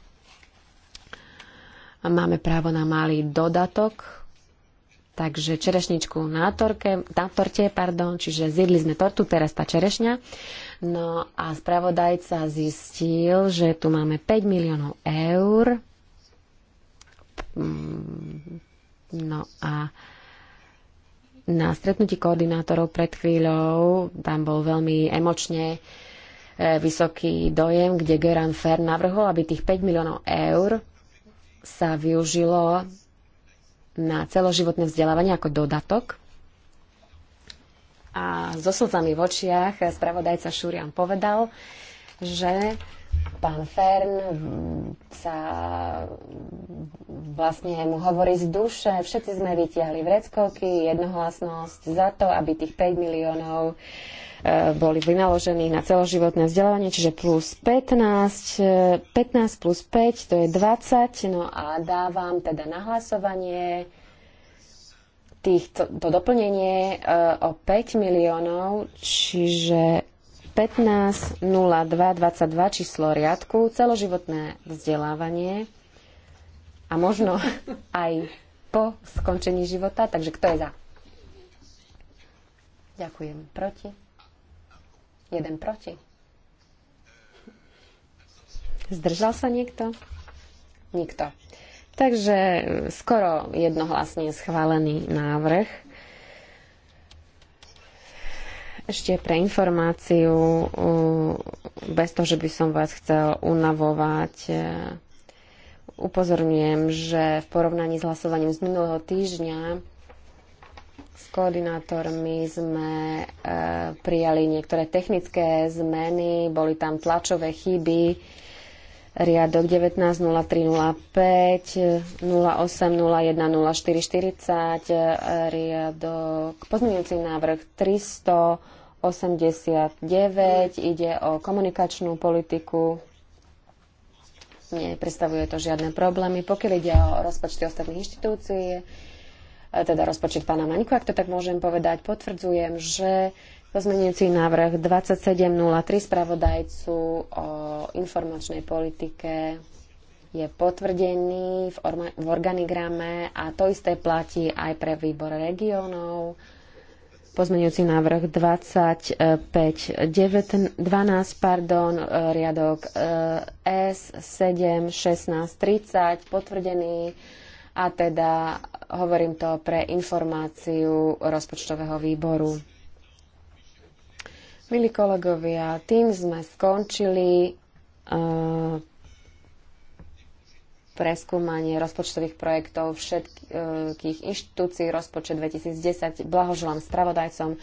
Máme právo na malý dodatok, takže čerešničku na, torke, na torte, pardon, čiže zjedli sme tortu, teraz tá čerešňa. No a spravodajca zistil, že tu máme 5 miliónov eur. Mm, no a na stretnutí koordinátorov pred chvíľou tam bol veľmi emočne e, vysoký dojem, kde Geran Fer navrhol, aby tých 5 miliónov eur sa využilo na celoživotné vzdelávanie ako dodatok. A so slzami v očiach spravodajca Šurian povedal, že pán Fern sa vlastne mu hovorí z duše. Všetci sme vytiahli vreckovky, jednohlasnosť za to, aby tých 5 miliónov e, boli vynaložených na celoživotné vzdelávanie, čiže plus 15, 15 e, plus 5, to je 20, no a dávam teda na hlasovanie tých, to doplnenie e, o 5 miliónov, čiže 150222 číslo riadku, celoživotné vzdelávanie a možno aj po skončení života. Takže kto je za? Ďakujem. Proti? Jeden proti. Zdržal sa niekto? Nikto. Takže skoro jednohlasne schválený návrh. Ešte pre informáciu, uh, bez toho, že by som vás chcel unavovať, uh, upozorňujem, že v porovnaní s hlasovaním z minulého týždňa s koordinátormi sme uh, prijali niektoré technické zmeny, boli tam tlačové chyby, riadok 19.03.05, 08.01.04.40, riadok pozmeňujúci návrh 300, 89 ide o komunikačnú politiku. Nepredstavuje to žiadne problémy. Pokiaľ ide o rozpočty ostatných inštitúcií, e, teda rozpočet pána Maňku, ak to tak môžem povedať, potvrdzujem, že pozmenujúci návrh 2703 spravodajcu o informačnej politike je potvrdený v, organigrame a to isté platí aj pre výbor regionov pozmeňujúci návrh 25, 9, 12, pardon, e, riadok e, S, 7, 16, 30, potvrdený a teda hovorím to pre informáciu rozpočtového výboru. Milí kolegovia, tým sme skončili e, preskúmanie rozpočtových projektov všetkých inštitúcií rozpočet 2010. Blahoželám spravodajcom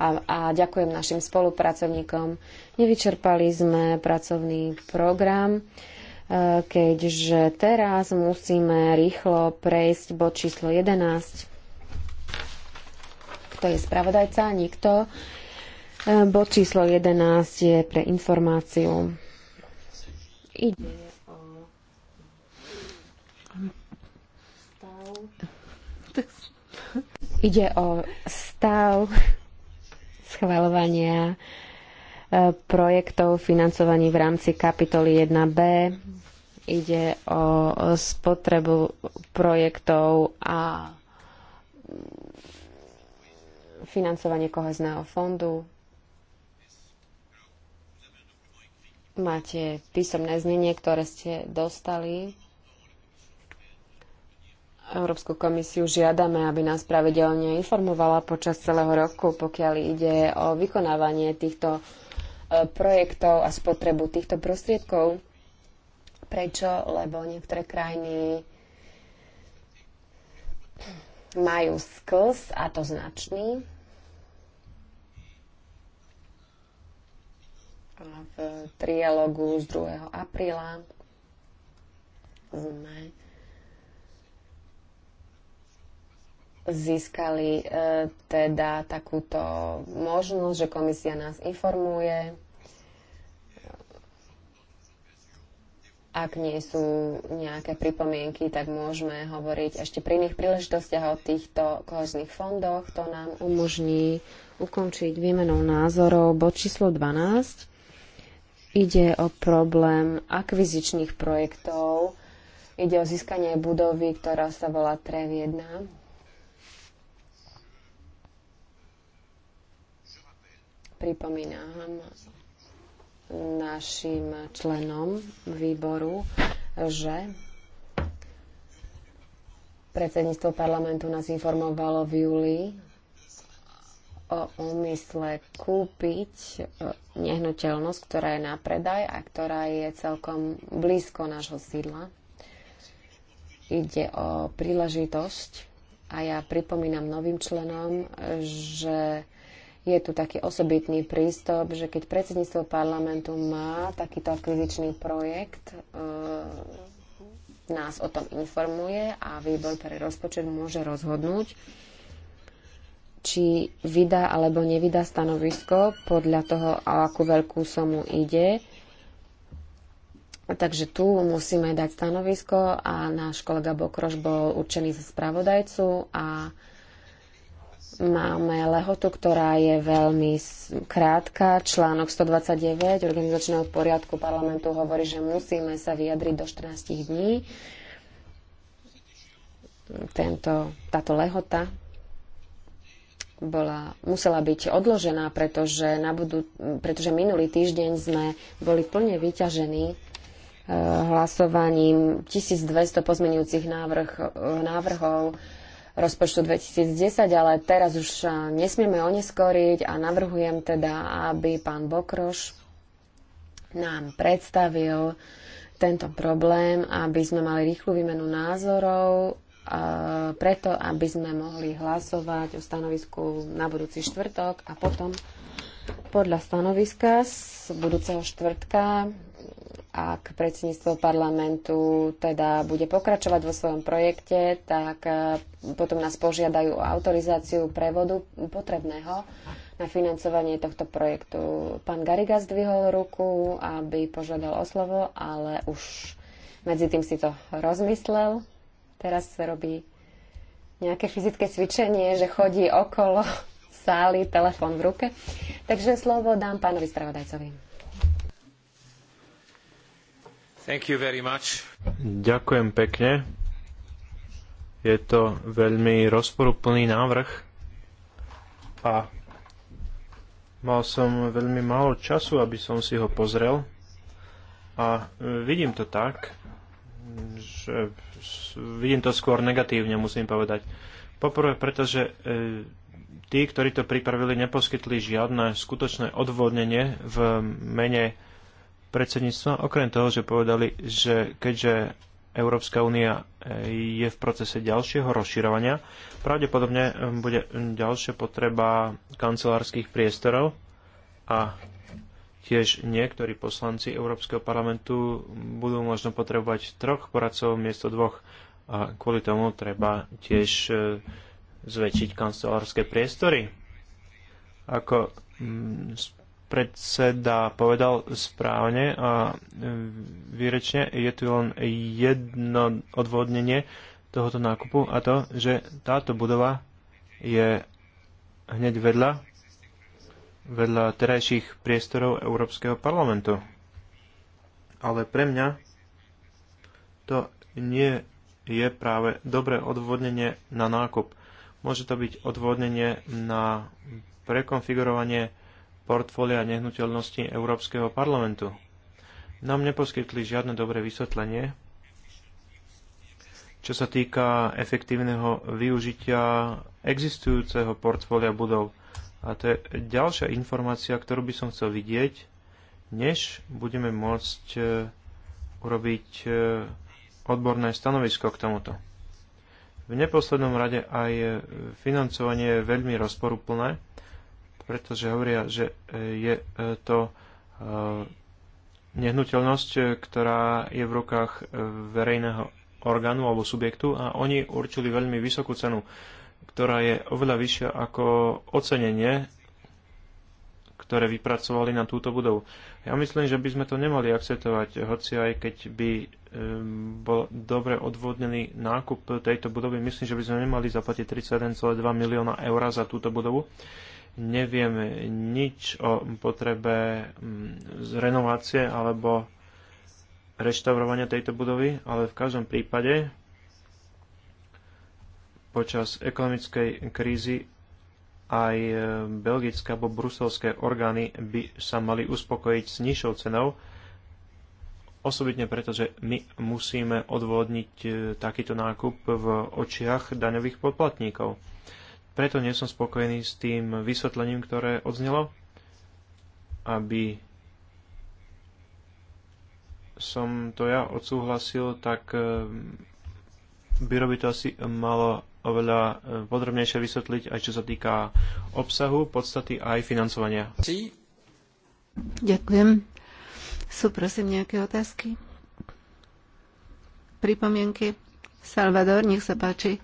a, a ďakujem našim spolupracovníkom. Nevyčerpali sme pracovný program, e, keďže teraz musíme rýchlo prejsť bod číslo 11. Kto je spravodajca? Nikto. E, bod číslo 11 je pre informáciu. Ide Ide o stav schvalovania e, projektov financovaní v rámci kapitoly 1b. Ide o spotrebu projektov a financovanie kohezného fondu. Máte písomné znenie, ktoré ste dostali. Európsku komisiu žiadame, aby nás pravidelne informovala počas celého roku, pokiaľ ide o vykonávanie týchto e, projektov a spotrebu týchto prostriedkov. Prečo? Lebo niektoré krajiny majú sklz, a to značný, v trialogu z 2. apríla sme získali e, teda takúto možnosť, že komisia nás informuje, ak nie sú nejaké pripomienky, tak môžeme hovoriť ešte pri iných príležitostiach o týchto kohezných fondoch. To nám umožní ukončiť výmenou názorov bod číslo 12. Ide o problém akvizičných projektov. Ide o získanie budovy, ktorá sa volá TREV 1. Pripomínam našim členom výboru, že predsedníctvo parlamentu nás informovalo v júli o úmysle kúpiť e, nehnuteľnosť, ktorá je na predaj a ktorá je celkom blízko nášho sídla. Ide o príležitosť a ja pripomínam novým členom, že je tu taký osobitný prístup, že keď predsedníctvo parlamentu má takýto akvizičný projekt, e, nás o tom informuje a výbor pre rozpočet môže rozhodnúť, či vydá alebo nevydá stanovisko podľa toho, o akú veľkú somu ide. Takže tu musíme dať stanovisko a náš kolega Bokroš bol určený za spravodajcu a Máme lehotu, ktorá je veľmi krátka. Článok 129 organizačného poriadku parlamentu hovorí, že musíme sa vyjadriť do 14 dní. Tento, táto lehota bola, musela byť odložená, pretože, na budú, pretože minulý týždeň sme boli plne vyťažení e, hlasovaním 1200 pozmenujúcich návrh, eh, návrhov rozpočtu 2010, ale teraz už e, nesmieme oneskoriť a navrhujem teda, aby pán Bokroš nám predstavil tento problém, aby sme mali rýchlu výmenu názorov, e, preto aby sme mohli hlasovať o stanovisku na budúci štvrtok a potom podľa stanoviska z budúceho štvrtka ak predsedníctvo parlamentu teda bude pokračovať vo svojom projekte, tak e, potom nás požiadajú o autorizáciu prevodu potrebného na financovanie tohto projektu. Pán Gariga zdvihol ruku, aby požiadal o slovo, ale už medzi tým si to rozmyslel. Teraz sa robí nejaké fyzické cvičenie, že chodí okolo sály, telefón v ruke. Takže slovo dám pánovi spravodajcovi. Ďakujem pekne. Je to veľmi rozporúplný návrh a mal som veľmi málo času, aby som si ho pozrel a e, vidím to tak, že vidím to skôr negatívne, musím povedať. Poprvé, pretože e, tí, ktorí to pripravili, neposkytli žiadne skutočné odvodnenie v mene predsedníctva. Okrem toho, že povedali, že keďže Európska únia e, je v procese ďalšieho rozširovania, pravdepodobne e, bude ďalšia potreba kancelárskych priestorov a tiež niektorí poslanci Európskeho parlamentu budú možno potrebovať troch poradcov miesto dvoch a kvôli tomu treba tiež e, zväčšiť kancelárske priestory. Ako mm, predseda povedal správne a výrečne je tu len jedno odvodnenie tohoto nákupu a to, že táto budova je hneď vedľa vedľa terajších priestorov Európskeho parlamentu. Ale pre mňa to nie je práve dobré odvodnenie na nákup. Môže to byť odvodnenie na prekonfigurovanie portfólia nehnuteľnosti Európskeho parlamentu. Nám neposkytli žiadne dobré vysvetlenie, čo sa týka efektívneho využitia existujúceho portfólia budov. A to je ďalšia informácia, ktorú by som chcel vidieť, než budeme môcť e, urobiť e, odborné stanovisko k tomuto. V neposlednom rade aj e, financovanie je veľmi rozporúplné pretože hovoria, že e, je e, to e, nehnuteľnosť, ktorá je v rukách verejného orgánu alebo subjektu a oni určili veľmi vysokú cenu, ktorá je oveľa vyššia ako ocenenie, ktoré vypracovali na túto budovu. Ja myslím, že by sme to nemali akceptovať, hoci aj keď by bol dobre odvodnený nákup tejto budovy, myslím, že by sme nemali zaplatiť 31,2 milióna eur za túto budovu nevieme nič o potrebe mm, z renovácie alebo reštaurovania tejto budovy, ale v každom prípade počas ekonomickej krízy aj e, belgické alebo bruselské orgány by sa mali uspokojiť s nižšou cenou, osobitne preto, že my musíme odvodniť e, takýto nákup v očiach daňových poplatníkov. Preto nie som spokojný s tým vysvetlením, ktoré odznelo, aby som to ja odsúhlasil, tak eh, by by to asi malo oveľa eh, podrobnejšie vysvetliť, aj čo sa týka obsahu, podstaty a aj financovania. Ďakujem. Sú prosím nejaké otázky? Pripomienky? Salvador, nech sa páči.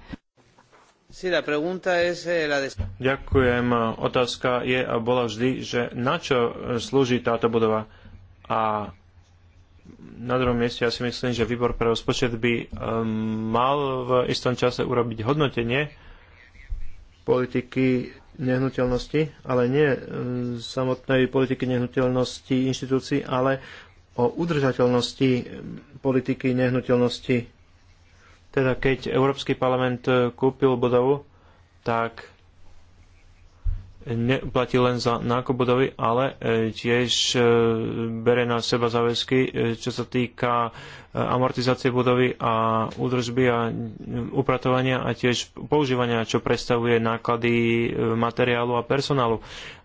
Eh, Ďakujem. Otázka je a bola vždy, že na čo slúži táto budova. A na druhom mieste ja si myslím, že výbor pre rozpočet by eh, mal v istom čase urobiť hodnotenie politiky nehnuteľnosti, ale nie eh, samotnej politiky nehnuteľnosti inštitúcií, ale o udržateľnosti politiky nehnuteľnosti teda keď Európsky parlament e, kúpil budovu, tak neplatí len za nákup budovy, ale e, tiež e, bere na seba záväzky, čo sa týka amortizácie budovy a údržby a upratovania a tiež používania, čo predstavuje náklady materiálu a personálu.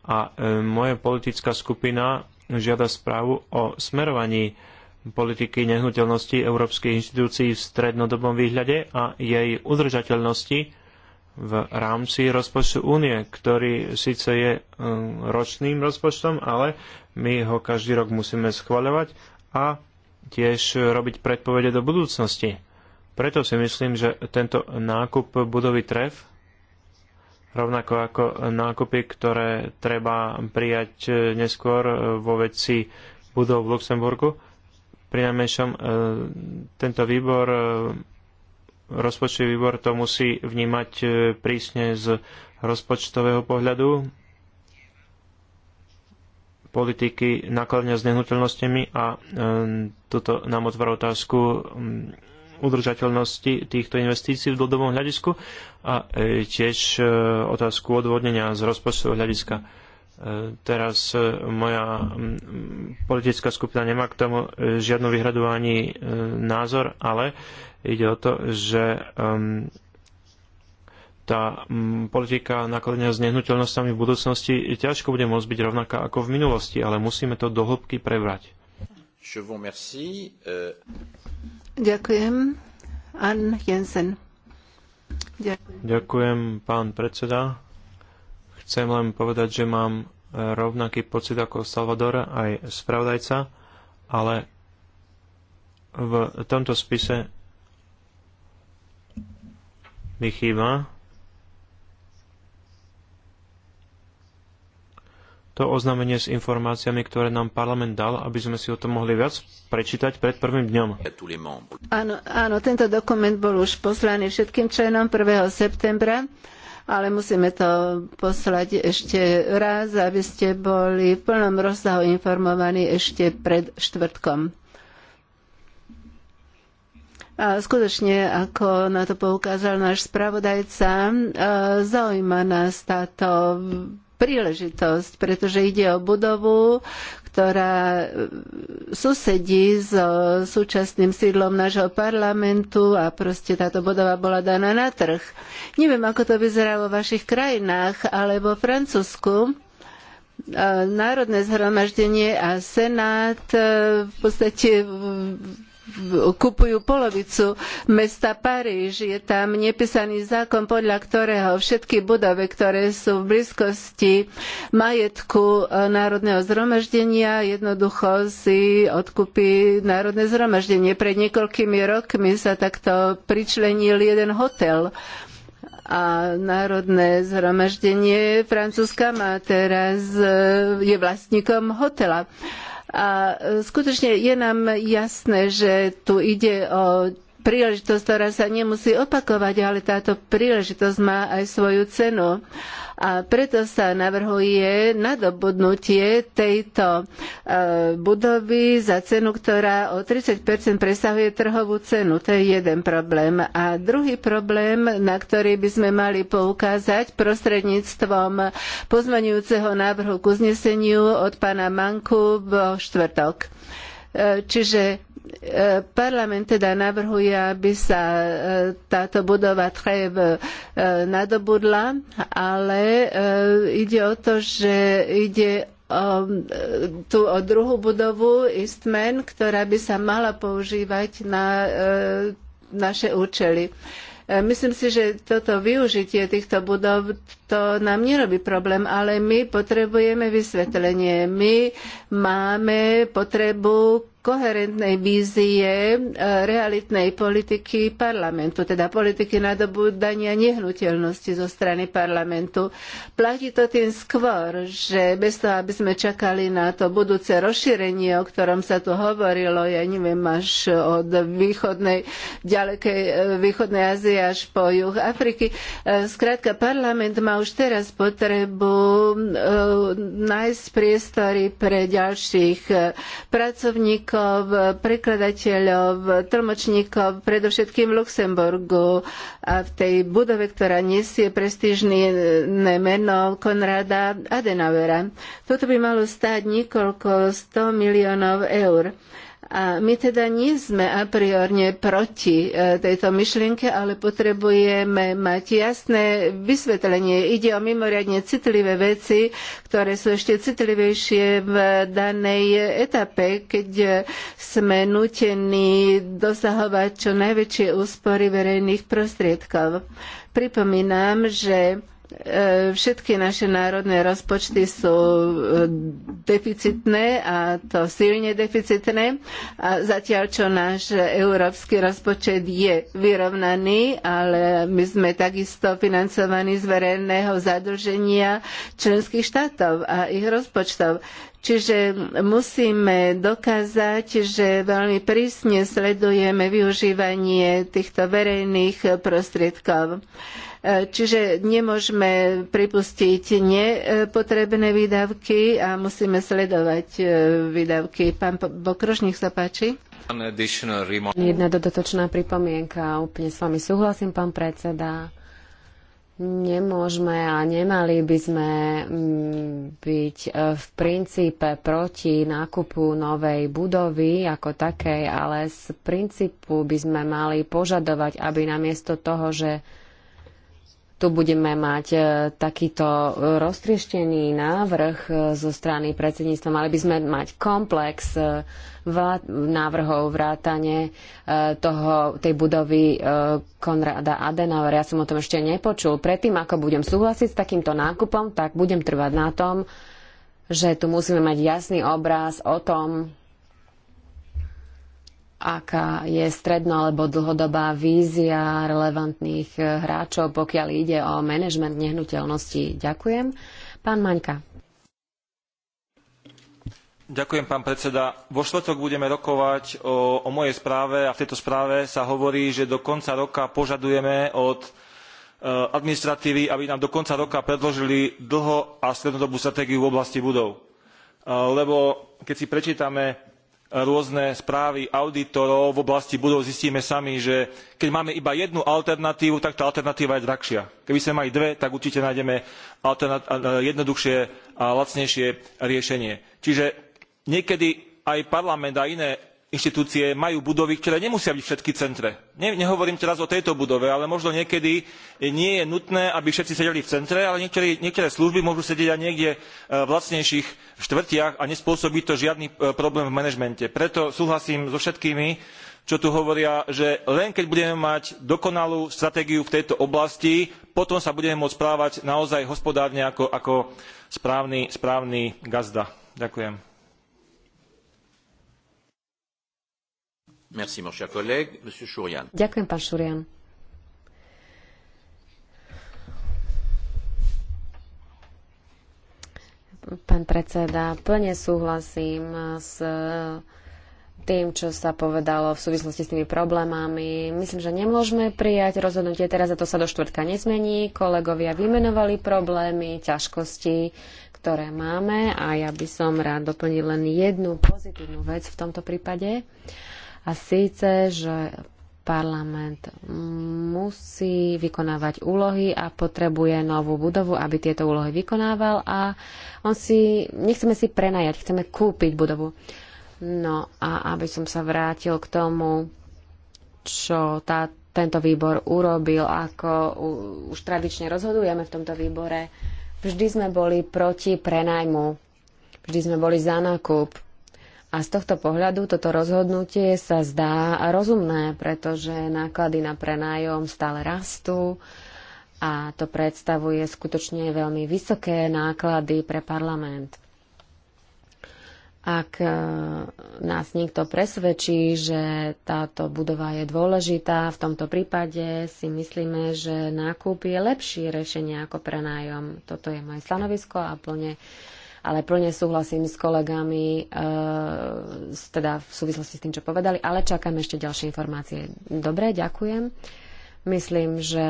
A moja politická skupina žiada správu o smerovaní politiky nehnuteľnosti európskych inštitúcií v strednodobom výhľade a jej udržateľnosti v rámci rozpočtu únie, ktorý síce je um, ročným rozpočtom, ale my ho každý rok musíme schvaľovať a tiež robiť predpovede do budúcnosti. Preto si myslím, že tento nákup budovy TREF, rovnako ako nákupy, ktoré treba prijať eh, neskôr eh, vo veci budov v Luxemburgu, pri najmenšom e, tento výbor, e, rozpočtový výbor to musí vnímať e, prísne z rozpočtového pohľadu politiky nakladania s nehnuteľnosťami a toto nám otvára otázku udržateľnosti týchto investícií v dlhodobom hľadisku a tiež otázku odvodnenia z rozpočtového hľadiska teraz e, moja politická skupina nemá k tomu e, žiadnu výhradu ani e, názor, ale ide o to, že tá politika nakladania s nehnuteľnosťami v budúcnosti ťažko bude môcť byť rovnaká ako v minulosti, ale musíme to do hĺbky prebrať. Ďakujem. Ann Jensen. Ďakujem. Ďakujem, pán predseda. Chcem len povedať, že mám e, rovnaký pocit ako Salvador, aj spravodajca, ale v tomto spise mi chýba to oznámenie s informáciami, ktoré nám parlament dal, aby sme si o tom mohli viac prečítať pred prvým dňom. Áno, áno, tento dokument bol už poslaný všetkým členom 1. septembra ale musíme to poslať ešte raz, aby ste boli v plnom rozsahu informovaní ešte pred štvrtkom. A skutočne, ako na to poukázal náš spravodajca, e, zaujíma nás táto príležitosť, pretože ide o budovu, ktorá e, susedí s e, súčasným sídlom nášho parlamentu a proste táto budova bola daná na trh. Neviem, ako to vyzerá vo vašich krajinách, ale vo Francúzsku e, Národné zhromaždenie a Senát v podstate kupujú polovicu mesta Paríž. Je tam nepísaný zákon, podľa ktorého všetky budovy, ktoré sú v blízkosti majetku e, Národného zhromaždenia, jednoducho si odkúpi Národné zhromaždenie. Pred niekoľkými rokmi sa takto pričlenil jeden hotel a Národné zhromaždenie Francúzska má teraz, e, je vlastníkom hotela. A e, skutočne je nám jasné, že tu ide o príležitosť, ktorá sa nemusí opakovať, ale táto príležitosť má aj svoju cenu. A preto sa navrhuje nadobudnutie tejto e, budovy za cenu, ktorá o 30 presahuje trhovú cenu. To je jeden problém. A druhý problém, na ktorý by sme mali poukázať prostredníctvom pozmaňujúceho návrhu k uzneseniu od pána Manku vo štvrtok. E, čiže E, parlament teda navrhuje, aby sa e, táto budova Trev e, nadobudla, ale ide o to, že ide tu o druhú budovu Eastman, ktorá by sa mala používať na naše účely. Myslím si, že toto využitie týchto budov to nám nerobí problém, ale my potrebujeme vysvetlenie. My máme potrebu koherentnej vízie e, realitnej politiky parlamentu, teda politiky nadobúdania nehnuteľnosti zo strany parlamentu. Platí to tým skôr, že bez toho, aby sme čakali na to budúce rozšírenie, o ktorom sa tu hovorilo, ja neviem, až od východnej, ďalekej e, východnej Ázie až po juh Afriky. E, skrátka, parlament má už teraz potrebu nájsť priestory pre ďalších pracovníkov, tlmočníkov, prekladateľov, tlmočníkov, predovšetkým v Luxemburgu a v tej budove, ktorá nesie prestížne meno Konrada Adenauera. Toto by malo stáť niekoľko 100 miliónov eur. A my teda nie sme a priorne proti e, tejto myšlienke, ale potrebujeme mať jasné vysvetlenie. Ide o mimoriadne citlivé veci, ktoré sú ešte citlivejšie v danej etape, keď sme nutení dosahovať čo najväčšie úspory verejných prostriedkov. Pripomínam, že E, všetky naše národné rozpočty sú e, deficitné a to silne deficitné. A zatiaľ, čo náš európsky rozpočet je vyrovnaný, ale my sme takisto financovaní z verejného zadlženia členských štátov a ich rozpočtov. Čiže musíme dokázať, že veľmi prísne sledujeme využívanie týchto verejných prostriedkov. Čiže nemôžeme pripustiť nepotrebné výdavky a musíme sledovať e, výdavky. Pán Bokroš, nech sa páči. Jedna dodatočná pripomienka. Úplne s vami súhlasím, pán predseda. Nemôžeme a nemali by sme mm, byť e, v princípe proti nákupu novej budovy ako takej, ale z princípu by sme mali požadovať, aby namiesto toho, že tu budeme mať e, takýto roztrieštený návrh e, zo strany predsedníctva. Mali by sme mať komplex e, návrhov vrátane toho, tej budovy Konrada Adenauer. Ja som o tom ešte nepočul. Predtým, ako budem súhlasiť s takýmto nákupom, tak budem trvať na tom, že tu musíme mať jasný obraz o tom, aká je stredno alebo dlhodobá vízia relevantných eh, hráčov, pokiaľ ide o manažment nehnuteľnosti. Ďakujem. Pán Maňka. Ďakujem, pán predseda. Vo štvrtok budeme rokovať o, o mojej správe a v tejto správe sa hovorí, že do konca roka požadujeme od eh, administratívy, aby nám do konca roka predložili dlho a strednodobú stratégiu v oblasti budov. Eh, lebo keď si prečítame rôzne správy audítorov v oblasti budov zistíme sami že keď máme iba jednu alternatívu tak tá alternatíva je drahšia. keby sme mali dve tak určite nájdeme jednoduchšie a lacnejšie riešenie. čiže niekedy aj parlament a iné inštitúcie majú budovy, ktoré nemusia byť všetky centre. Ne, nehovorím teraz o tejto budove, ale možno niekedy nie je nutné, aby všetci sedeli v centre, ale niektoré, niektoré služby môžu sedieť aj niekde e, v lacnejších štvrtiach a nespôsobí to žiadny e, problém v manažmente. Preto súhlasím so všetkými, čo tu hovoria, že len keď budeme mať dokonalú stratégiu v tejto oblasti, potom sa budeme môcť správať naozaj hospodárne ako, ako správny, správny gazda. Ďakujem. Merci, mon cher collègue. Monsieur Ďakujem, pán Šurian. Pán predseda, plne súhlasím s tým, čo sa povedalo v súvislosti s tými problémami. Myslím, že nemôžeme prijať rozhodnutie teraz a to sa do štvrtka nezmení. Kolegovia vymenovali problémy, ťažkosti, ktoré máme a ja by som rád doplnil len jednu pozitívnu vec v tomto prípade. Uh, a síce, že parlament musí vykonávať úlohy a potrebuje novú budovu, aby tieto úlohy vykonával a on si, nechceme si prenajať, chceme kúpiť budovu. No a aby som sa vrátil k tomu, čo tá, tento výbor urobil, ako už tradične rozhodujeme v tomto výbore, vždy sme boli proti prenajmu, vždy sme boli za nákup, a z tohto pohľadu toto rozhodnutie sa zdá rozumné, pretože náklady na prenájom stále rastú a to predstavuje skutočne veľmi vysoké náklady pre parlament. Ak e, nás niekto presvedčí, že táto budova je dôležitá, v tomto prípade si myslíme, že nákup je lepšie riešenie ako prenájom. Toto je moje stanovisko a plne ale plne súhlasím s kolegami e, teda v súvislosti s tým, čo povedali, ale čakám ešte ďalšie informácie. Dobre, ďakujem. Myslím, že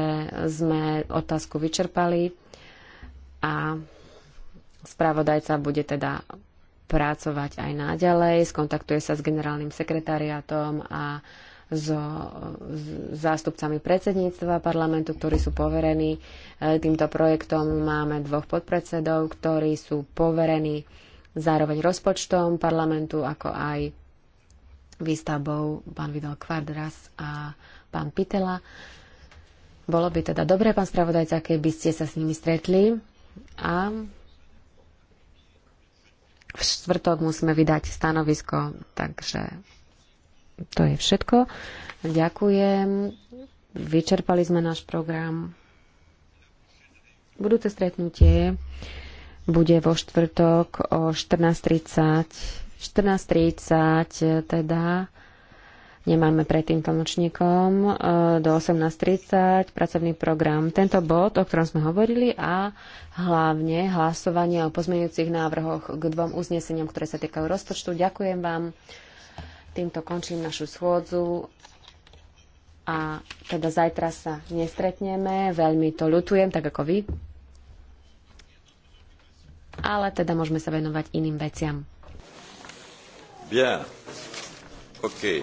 sme otázku vyčerpali a spravodajca bude teda pracovať aj naďalej, skontaktuje sa s generálnym sekretariátom a s zástupcami predsedníctva parlamentu, ktorí sú poverení e, týmto projektom. Máme dvoch podpredsedov, ktorí sú poverení zároveň rozpočtom parlamentu, ako aj výstavbou pán Vidal Kvardras a pán Pitela. Bolo by teda dobré, pán spravodajca, keby ste sa s nimi stretli a v štvrtok musíme vydať stanovisko, takže to je všetko. Ďakujem. Vyčerpali sme náš program. Budúce stretnutie bude vo štvrtok o 14.30. 14.30 teda nemáme predtým nočníkom e, do 18.30 pracovný program. Tento bod, o ktorom sme hovorili a hlavne hlasovanie o pozmeňujúcich návrhoch k dvom uzneseniam, ktoré sa týkajú rozpočtu. Ďakujem vám. Týmto končím našu schôdzu a teda zajtra sa nestretneme. Veľmi to ľutujem, tak ako vy. Ale teda môžeme sa venovať iným veciam. Bien. OK.